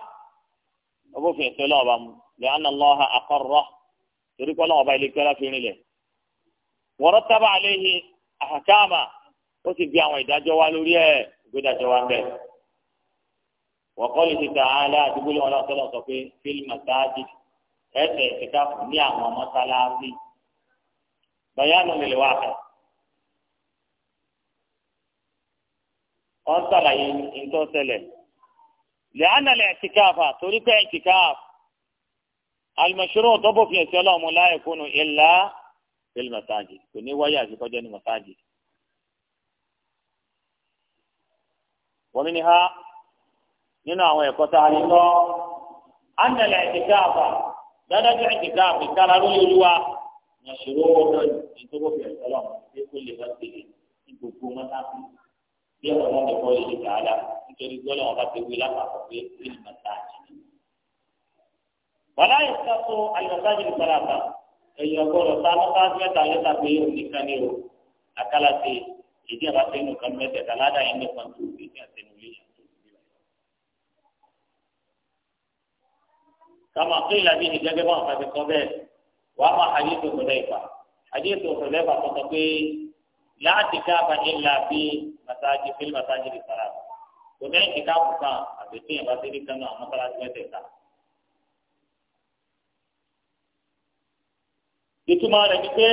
ọgbọ́fin ẹ̀sẹ̀ lọ́wọ́ bá mu lè ànà lọ́ha àkọ́rọ́ torí pé ọlọ́wọ́ bá ilé kí ọlọ́fin rìn wọ́rọ́ tábà àléhi àhàkáàmà ó sì gbé àwọn ìdájọ́ wa lórí ẹ̀ ìgbédájọ́ wa bẹ́ẹ̀. wọ́kọ́ lè ti tà á láàdúgbò lọ́wọ́ sọ pé fílmù ẹsẹ̀ ìtìkáfù ní àwọn mọ́sálásí bayanu lè wá kẹ́ wọ́n sàlàyé nǹkan ṣẹlẹ̀ lẹ́hánà lẹ́ ìtìkáfà torí pé ìtìkáfù alimọ̀ṣúrò tó bófin ẹ̀sẹ̀ ọlọ́run láyé fún un ìlà pẹ̀lú mọ́sáàjì kò ní wáyé àfikọ́jọ́ ní mọ́sáàjì. wọ́n ní ha nínú àwọn ẹ̀kọ́ tá a ní lọ ánàlẹ̀ ìtìkáfà dáadáa jẹ́ ìdíkà àbíkára lórí olúwa nàṣẹ́rọ́ ọ̀dọ́ ìdókòwò fi ẹ̀sọ́ lọ sí kó lè lọ sílẹ̀ ní gbogbo mọ́tàkì bí ọ̀rọ̀ náà lè kọ́ ilé kàálà nítorí gbọ́dọ̀ wọn bá ti wí lápapọ̀ pé kí ni mọ́tàkì ni. wàlá ìsàkó àyọ̀sájì ní sàràbà ẹ̀yìn ọgọ́rọ̀ sá mọ́tàkì mẹ́ta mẹ́ta pé nìkan ni o àkàlà ti ìdí àbáfẹ́ nìkan mẹ́tẹ̀ẹ̀ta ládàá yẹn ní pàǹtó ìdí àtẹnulẹ́yìn كما قيل به جبر في القبيل وأما حديث حذيفة حديث حذيفة فتقي لا اعتكاف إلا في مساجد في المساجد الثلاثة ومن اعتكاف كان أبيتين بسيري كما مثلا سمعتها ìtumọ̀ rẹ̀ ni pé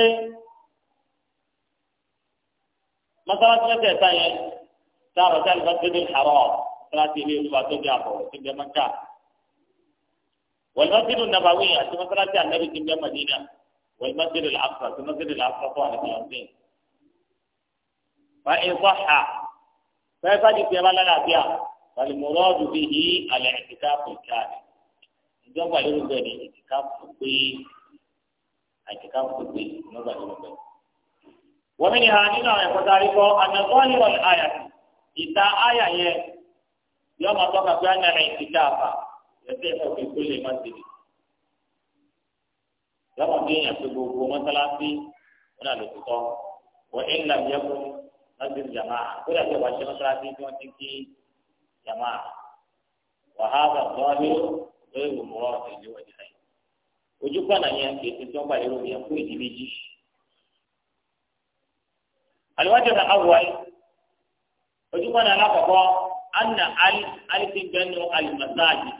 mọ́sálásí mẹ́tẹ̀ẹ̀ta yẹn sáà rọ̀ṣẹ́ àlùfáà tó dé ìhàrọ̀ mọ́sálásí ilé olúwa tó dé àbọ̀ tó dé mọ́kà والمسجد النبوي أنت مثلا النبي في المدينة والمسجد الأقصى في المسجد الأقصى طوال فلسطين فإن صح فإذا جمال لنا فيها فالمراد به الاعتكاف الكامل ìjọba yóò bẹ ní ìtìká fún pé àìtìká fún pé ìjọba yóò bẹ. wọ́n mi ní ha nínú àwọn ẹ̀kọ́ sáré kọ́ ànàbọ́ ìwọ̀n àyà ìta àyà yẹn yóò máa tọ́ka pé àná ìtìká àfà ẹsẹ̀ ọ̀gbẹ́ kó lè má ti di. láwọn bí èèyàn pé gbogbo mọ́sálásí wọn àlè tó tọ́ wọ́n ẹ̀ ń làm yẹ fún láti jàmá kódà tí wàá ṣe mọ́sálásí tí wọ́n ti kí jàmá wàhálà lọ́ọ́lù lórí òmùrọ̀ ìlú ọ̀jà yìí. ojú pàdà yẹn kì í ti tí wọ́n gbàlérò yẹn fún ìdí méjì. àlùwájú náà àwọ̀ ojú pàdà alákọ̀ọ́kọ́ anna alifin bẹ́ẹ̀ nù alimasaji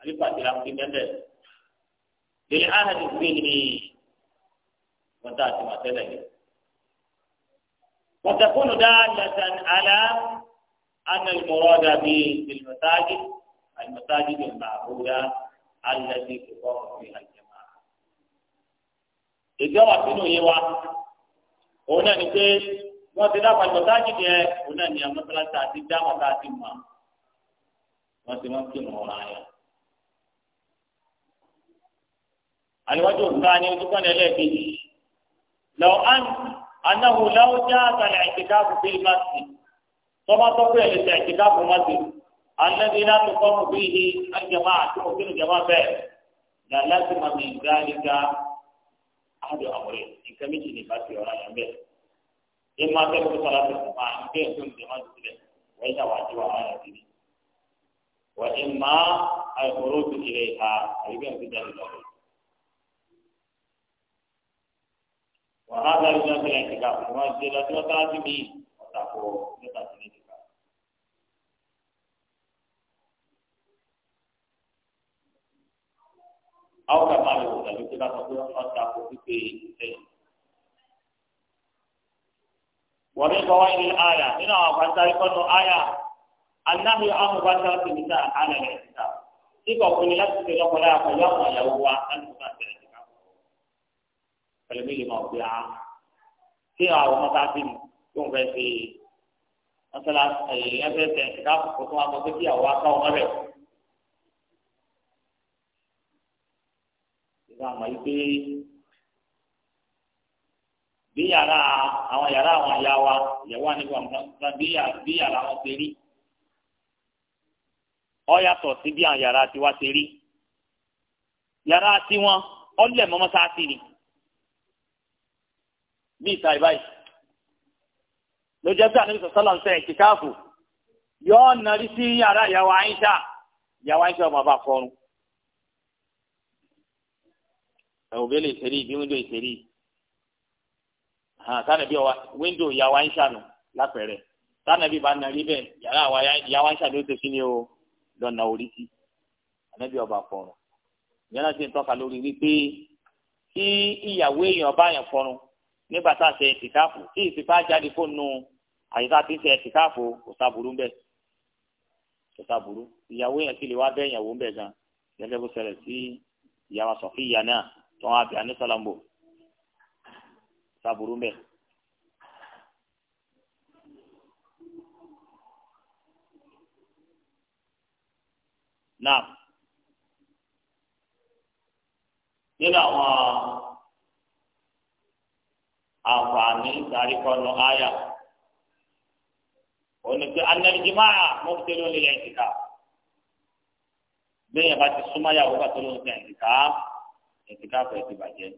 àbí pàtìlá fi bẹ́ẹ̀ lèlè áhàdì gbélé wọn tá a ti wà tẹ́lẹ̀ yìí. وتكون دالة على أن المراد بالمساجد المساجد المعبودة التي تقام فيها الجماعة. ìjọba sínú yìí wa òun náà ni pé wọ́n ti dábàá ìmọ̀tájì yẹn òun náà ni àmọ́tálásá àti dáhùn tá a ti mọ̀ wọ́n ti wọ́n kí wọn ọ̀ràn yẹn. àlùwájú nǹkan ni ojú kan lẹ́ẹ̀kejì lọ án anáhùn láwùjá àtàlẹ̀ àìsíkáàbù bíi máàsì tọ́mátọ́ pé ẹ̀lẹ́sẹ̀ àìsíkáàbù máàsì alẹ́bí láti kọ́mù bíi àjẹmá àti òfin ìjẹmá bẹ́ẹ̀ là láti máa mi gbáàlígá àjọ àwòrán nǹkan méjì ní ìbáṣe ọ̀rọ̀ àyàn bẹ́ẹ̀ ẹ máa tẹ́lẹ̀ fún sọ́lá tẹ̀sán máa ń gbé nǹkan ìjẹmá sílẹ̀ wọ́n yà wájú àwọn àyàn وإما الخروج إليها أي بين wàhálà ìlú náà tẹ̀lé ìtìká ìwọ̀n àti ìlú àti ọ̀tá láti bí ọ̀tàkọ̀ nípa ìlú ìtìká. àwọn kàmá rẹ̀ wò tàbí tí wọ́n sọ pé ọ̀tàkọ̀ pípé ìtẹ̀yìn. wọ́n ní bọ́wọ́ ilé àyà nínú àwọn àbájá ìkọ́nù àyà anáhì amúbájá ti níta àlẹ́ rẹ̀ níta. kíkọ̀ fún ni láti ṣe lọ́kọ̀ọ́lá àkọ́yọ́ àwọn ìyàwó wa láti fún àtẹ̀lẹ́ ẹlòmíì lè máa gbé a kí àwọn ọmọ tá a tó ń fẹ́ fi mọ́sálá ẹ̀yìn fẹ́ tẹ̀ ká tó wá sọ pé kí àwọn aká ọmọ rẹ̀. ìgbà àmọ́ yìí pé bí yàrá àwọn yàrá àwọn ìyá wa ìyàwó àníbù àmọ́ bí yàrá wọn ṣe rí ọ yàtọ̀ sí bí àwọn yàrá tiwa ṣe rí yàrá tiwọn ọ lẹ̀ mọ́ mọ́sáàsì ni ní ìta ìbáyìí ló jẹ́ bí ànábì sọ̀sọ́lá ń sẹ́yìn kíkáàfù yóò nàrí sí yàrá ìyàwó àyíṣà ìyàwó àyíṣà ọmọ bá fọrun ẹ̀wọ̀n bẹ́ẹ̀ lè ṣeré bí wíńdò ìṣeré hàn tánàbí ọwa wíńdò ìyàwó àyíṣà nù lápẹ̀rẹ̀ tánàbí bá nàrí bẹ́ẹ̀ yàrá ìyàwó àyíṣà ló ṣe kí ni o lọ́nà orí sí ànábì ọba fọrun ìyàrá ti ń tọ́ka lórí wípé kí ìyàwó èèyàn bá yàn fọrun nígbà tá a ṣe ìtìkáàfù tí ìsìnká jáde fóònù àyíká tí ń ṣe ìtìkáàfù kò sábúrú ńbẹ kò sábúrú ìyàwó yẹn sì lè wá bẹ ìyàwó ńbẹ gan gẹ́gẹ́ bó ṣẹlẹ̀ sí ìyàwó sọfí ìyá náà tó wọn àbí anísàlámbò sábúrú ńbẹ. náà nínú àwọn àǹfààní ìdáríkọ́nù àyà. onípe anẹ́rìndínlá mọ́tẹ́lẹ́ onílẹ̀ ìdìkà bẹ́ẹ̀ yẹn bá ti súnmáyàwó pàtó ló ń sẹ́ ìdìkà ìdìkà fẹ́ẹ́ ti bàjẹ́.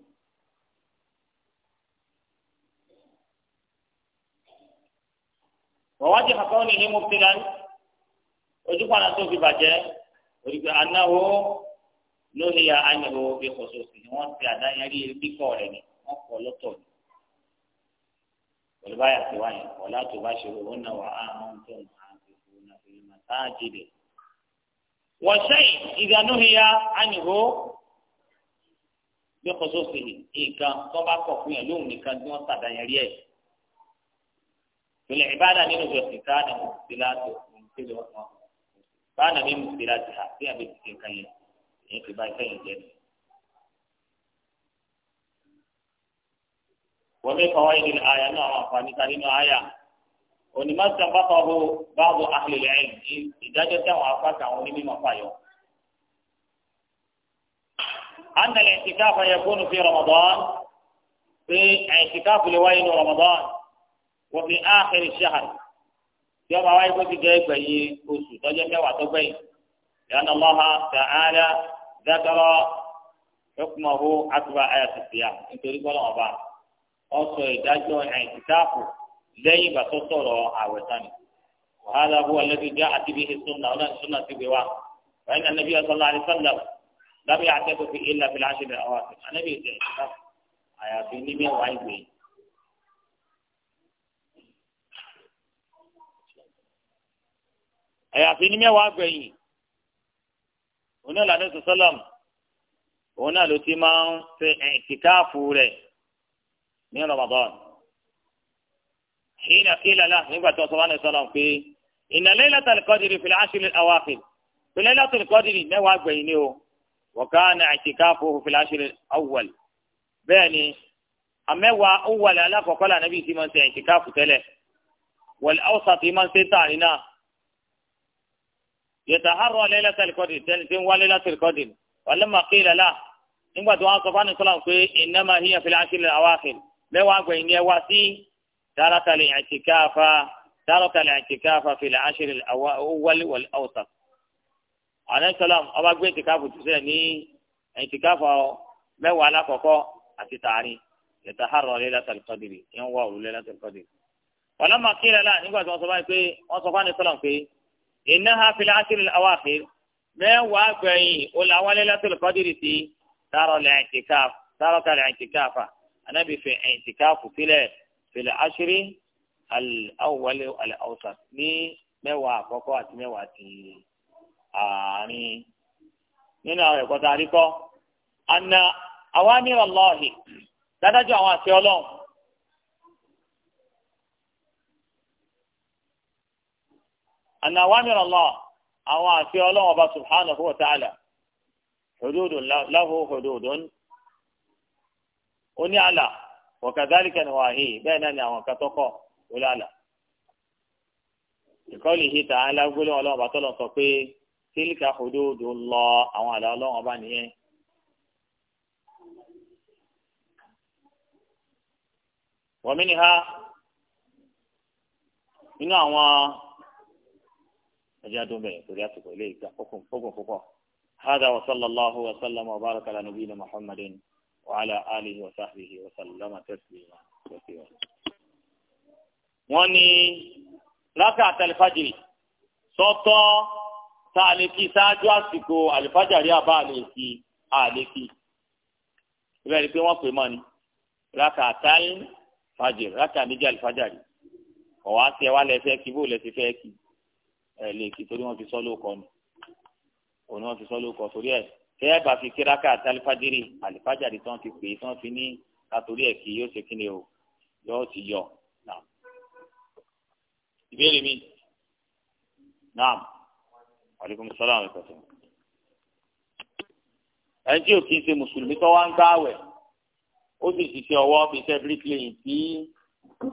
wọ́wájú kankan ní ní mọ́tẹ́lẹ́ ojú kan náà tó fi bàjẹ́ onípe anáwó lórí àyẹ̀wò bí kòsòsì wọ́n ti àdáyẹrí bíkọ́ rẹ̀ ni wọ́n kọ́ lọ́tọ̀ ni pẹ̀lú báyà tí wáyé ọ̀la tó bá ṣe owó náà wà á hàn tó ń hàn sí fún un àti ìmọ̀ tá a jìnnà. wọ́n sẹ́yìn ìdánúhìyà ánìhó bí kò sóò sí nǹkan tó bá kọ̀ fún yẹn lóhùn nìkan tí wọ́n sàdáyẹrí ẹ̀. tòlẹ̀ ìbáàdà nínú ìjọsìn káàdà mọ̀ sí láti òkùnkùn tó lọ́wọ́ káàdà mi sí láti hà sí àbẹ̀tì ومن فوائد الآية نعم فانتان آية ولما استنبطه بعض أهل العلم إذا جاء وعفاك ولم مفايو أن الاعتكاف يكون في رمضان في اعتكاف لوين رمضان وفي آخر الشهر يوم وايد في جاي بي أسو تجمع وتبين لأن الله تعالى ذكر حكمه عقب آيات الصيام انتوا يقولوا أبعد ọsọ ìdájọ́ àìsítáàpù lẹ́yìn ìgbà tó sọ̀rọ̀ àwẹ̀ tani wàhálà bó wà lẹbi jẹ àti bí sunna ọ̀nà sunna ti gbé wa wàhálà anabi ọsọlá àdìsọlá lábẹ àtẹkọ fi ilà fi láṣẹ rẹ ọwọ́ àti anabi ìṣe ìṣàkóso àyàfi ní mẹ́wàá ìgbé. àyàfi ní mẹ́wàá gbẹ̀yìn onílànà sọsọlọm òun náà ló ti máa ń ṣe ẹ̀ẹ́dìkáàfù rẹ̀. من رمضان حين قيل له نبعة صلى الله عليه وسلم في إن ليلة القدر في العشر الأواخر في ليلة القدر نواب بينه وكان اعتكافه في العشر الأول بيني أما هو أول ألاف وقال في سيمان اعتكاف تلك والأوسط من ستعلنا يتحرى ليلة القدر تلتين وليلة القدر ولما قيل له نبعة صلى الله عليه وسلم في إنما هي في العشر الأواخر mẹ́wàá gbẹ̀yìn ni ẹ wá sí dárọ́kàlẹ̀ àtìkáfà dárọ́kàlẹ̀ àtìkáfà fìlẹ̀ àṣírí wọléwọlé ọ̀sán. àlẹ́sọ̀lám ọba gbé ìtìkáfù tó sẹ́yìn ní ìtìkáfà mẹ́wàá alákọ̀ọ́kọ́ àti tààrin yẹtà hàrọ̀ lailatul qadri yẹn wá òru lailatul qadri. ọ̀lọ́mà kílẹ̀ láà nígbà tí wọ́n sọ báyìí pé wọ́n sọ fún àlẹ́sọ̀lám pé innaha fìlẹ̀ àṣírí àwáàfin mẹ́wàá anábì fi ẹ̀ǹtìkáàfù sílẹ̀ fìlẹ̀ àṣírí àwòwálé àwòsàn ní mẹ́wàá àkọ́kọ́ àti mẹ́wàá ti àárín nínú àwọn ẹ̀kọ́ tá a rí kọ́ àna àwa ní ọlọ́ọ̀hì dádájọ́ àwọn àti ọlọ́run. àna àwa ní ọlọ́ọ̀ àwọn àti ọlọ́run ọba subhanahu wa ta'ala hududu lahu hududun ó ní àlà wọ̀kàdálìkà ni wàhí bẹ́ẹ̀ náà ni àwọn kan tó kọ̀ ó ní àlà. ìkọ́lì yìí tà á lágbólé wọn lọ́wọ́ bá tọ́lọ̀ sọ pé tílíkà hududu lọ àwọn àlà ọlọ́run ọba nìyẹn. wa minha inú àwọn ẹja tó bẹ̀rẹ̀ torí àsìkò ilé ìgbà fókùn fókùn هذا وصلى الله وسلم وبارك على نبينا محمد وعلى آله وصحبه وسلم تسليما كثيرا wọ́n ní rákàtà alifájìrì sọ́tọ́ tá a lè kí sáájú àsìkò alifájàrí àbá a lè kí a lè kí ìbẹ̀rẹ̀ ni pé wọ́n pè mọ́ ni rákàtà alifájìrì rákàtà méjì alifájàrí ọ̀wá sí ẹ wá lẹ́sẹ̀ kí bó lẹ́sẹ̀ fẹ́ kí ẹ lè kí torí wọ́n fi sọ́ lóko ni òun ni wọ́n fi sọ́ lóko torí ẹ̀ tẹ́ẹ̀ bá fi kíráka àtàlífàjìrì àlìfàjàrì tán ti pè é tán fi ní kàtórí ẹ̀ kì yóò ṣe kí ni o yóò ti yọ naam ìbéèrè mi naam aleykum salaam aleykum salaam ẹni tí o kì í ṣe mùsùlùmí tó wá ń gbààwẹ̀ ó sì ṣiṣẹ́ ọwọ́ fi ṣe bíríkìlẹ̀yìn tí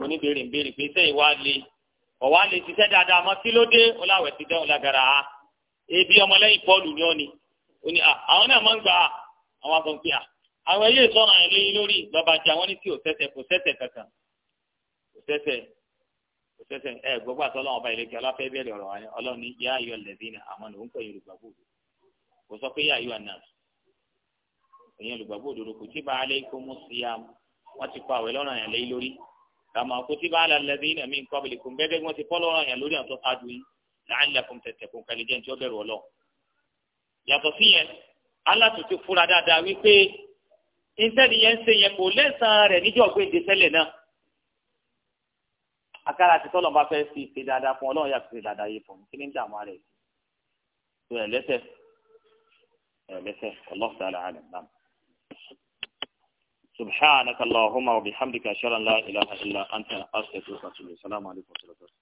oníbèrè ń béèrè pé sẹ́yìn wá lé ọ̀wá lè ṣiṣẹ́ dáadáa mọ́ kí ló dé ó láwẹ̀ ti dẹ́hùn lágara ha ah, ebi ọmọlẹ́yìn pọ́ọ̀lù ni ó ni ó ní àwọn náà máa ń gbà á àwọn aṣọ ń pè á àwọn ilé ìtọ́nà yẹn lóyún lórí bàbá àti àwọn ní tí ò sẹ́sẹ̀ kò sẹ́sẹ̀ kankan kò sẹ́sẹ̀ kò sẹ́sẹ̀ ẹ gbogbo àti ọlọ́run ọba ìlẹ́kẹ́ ọlọ́fẹ́ bẹ̀rẹ̀ ọ̀rọ̀ wáyé ọlọ́run ní yá ayọ̀ lẹ́dínà àmọ́ ló ń pẹ̀ yorùbá gbòdò kò sọ pé yá ayọ̀ àná èyàn olùgbàgbọ́ òdòdó kò tí bá alẹ́ ikú mú sí yá wọ́n ti kọ àwẹ̀ lọ́rọ̀ yẹn lé lórí kàmá kò tí bá alẹ́ lẹ́dínà mí kọ́ bìlì kùn bẹ́ẹ̀ bẹ́ẹ̀ yàtọ̀ sí yẹn alátùtù fúra dáadáa wípé ìtẹ́ni yẹn ń ṣe yẹn kò lẹ́sàn-án rẹ̀ níjọ́ gbèdé tẹ́lẹ̀ náà akára àti tọ́lọ̀ bá fẹ́ fi ṣe dáadáa fún ọlọ́run yàtọ̀ ṣe dáadáa yìí fún kí ní dààmú rẹ̀ tó ẹ̀ lẹ́sẹ̀ ẹ̀ lẹ́sẹ̀ ọlọ́run tààlà àlẹ́ náà. سبحانك اللهم وبحمدك أشهد أن لا إله إلا أنت أستغفرك وأتوب إليك السلام عليكم ورحمة الله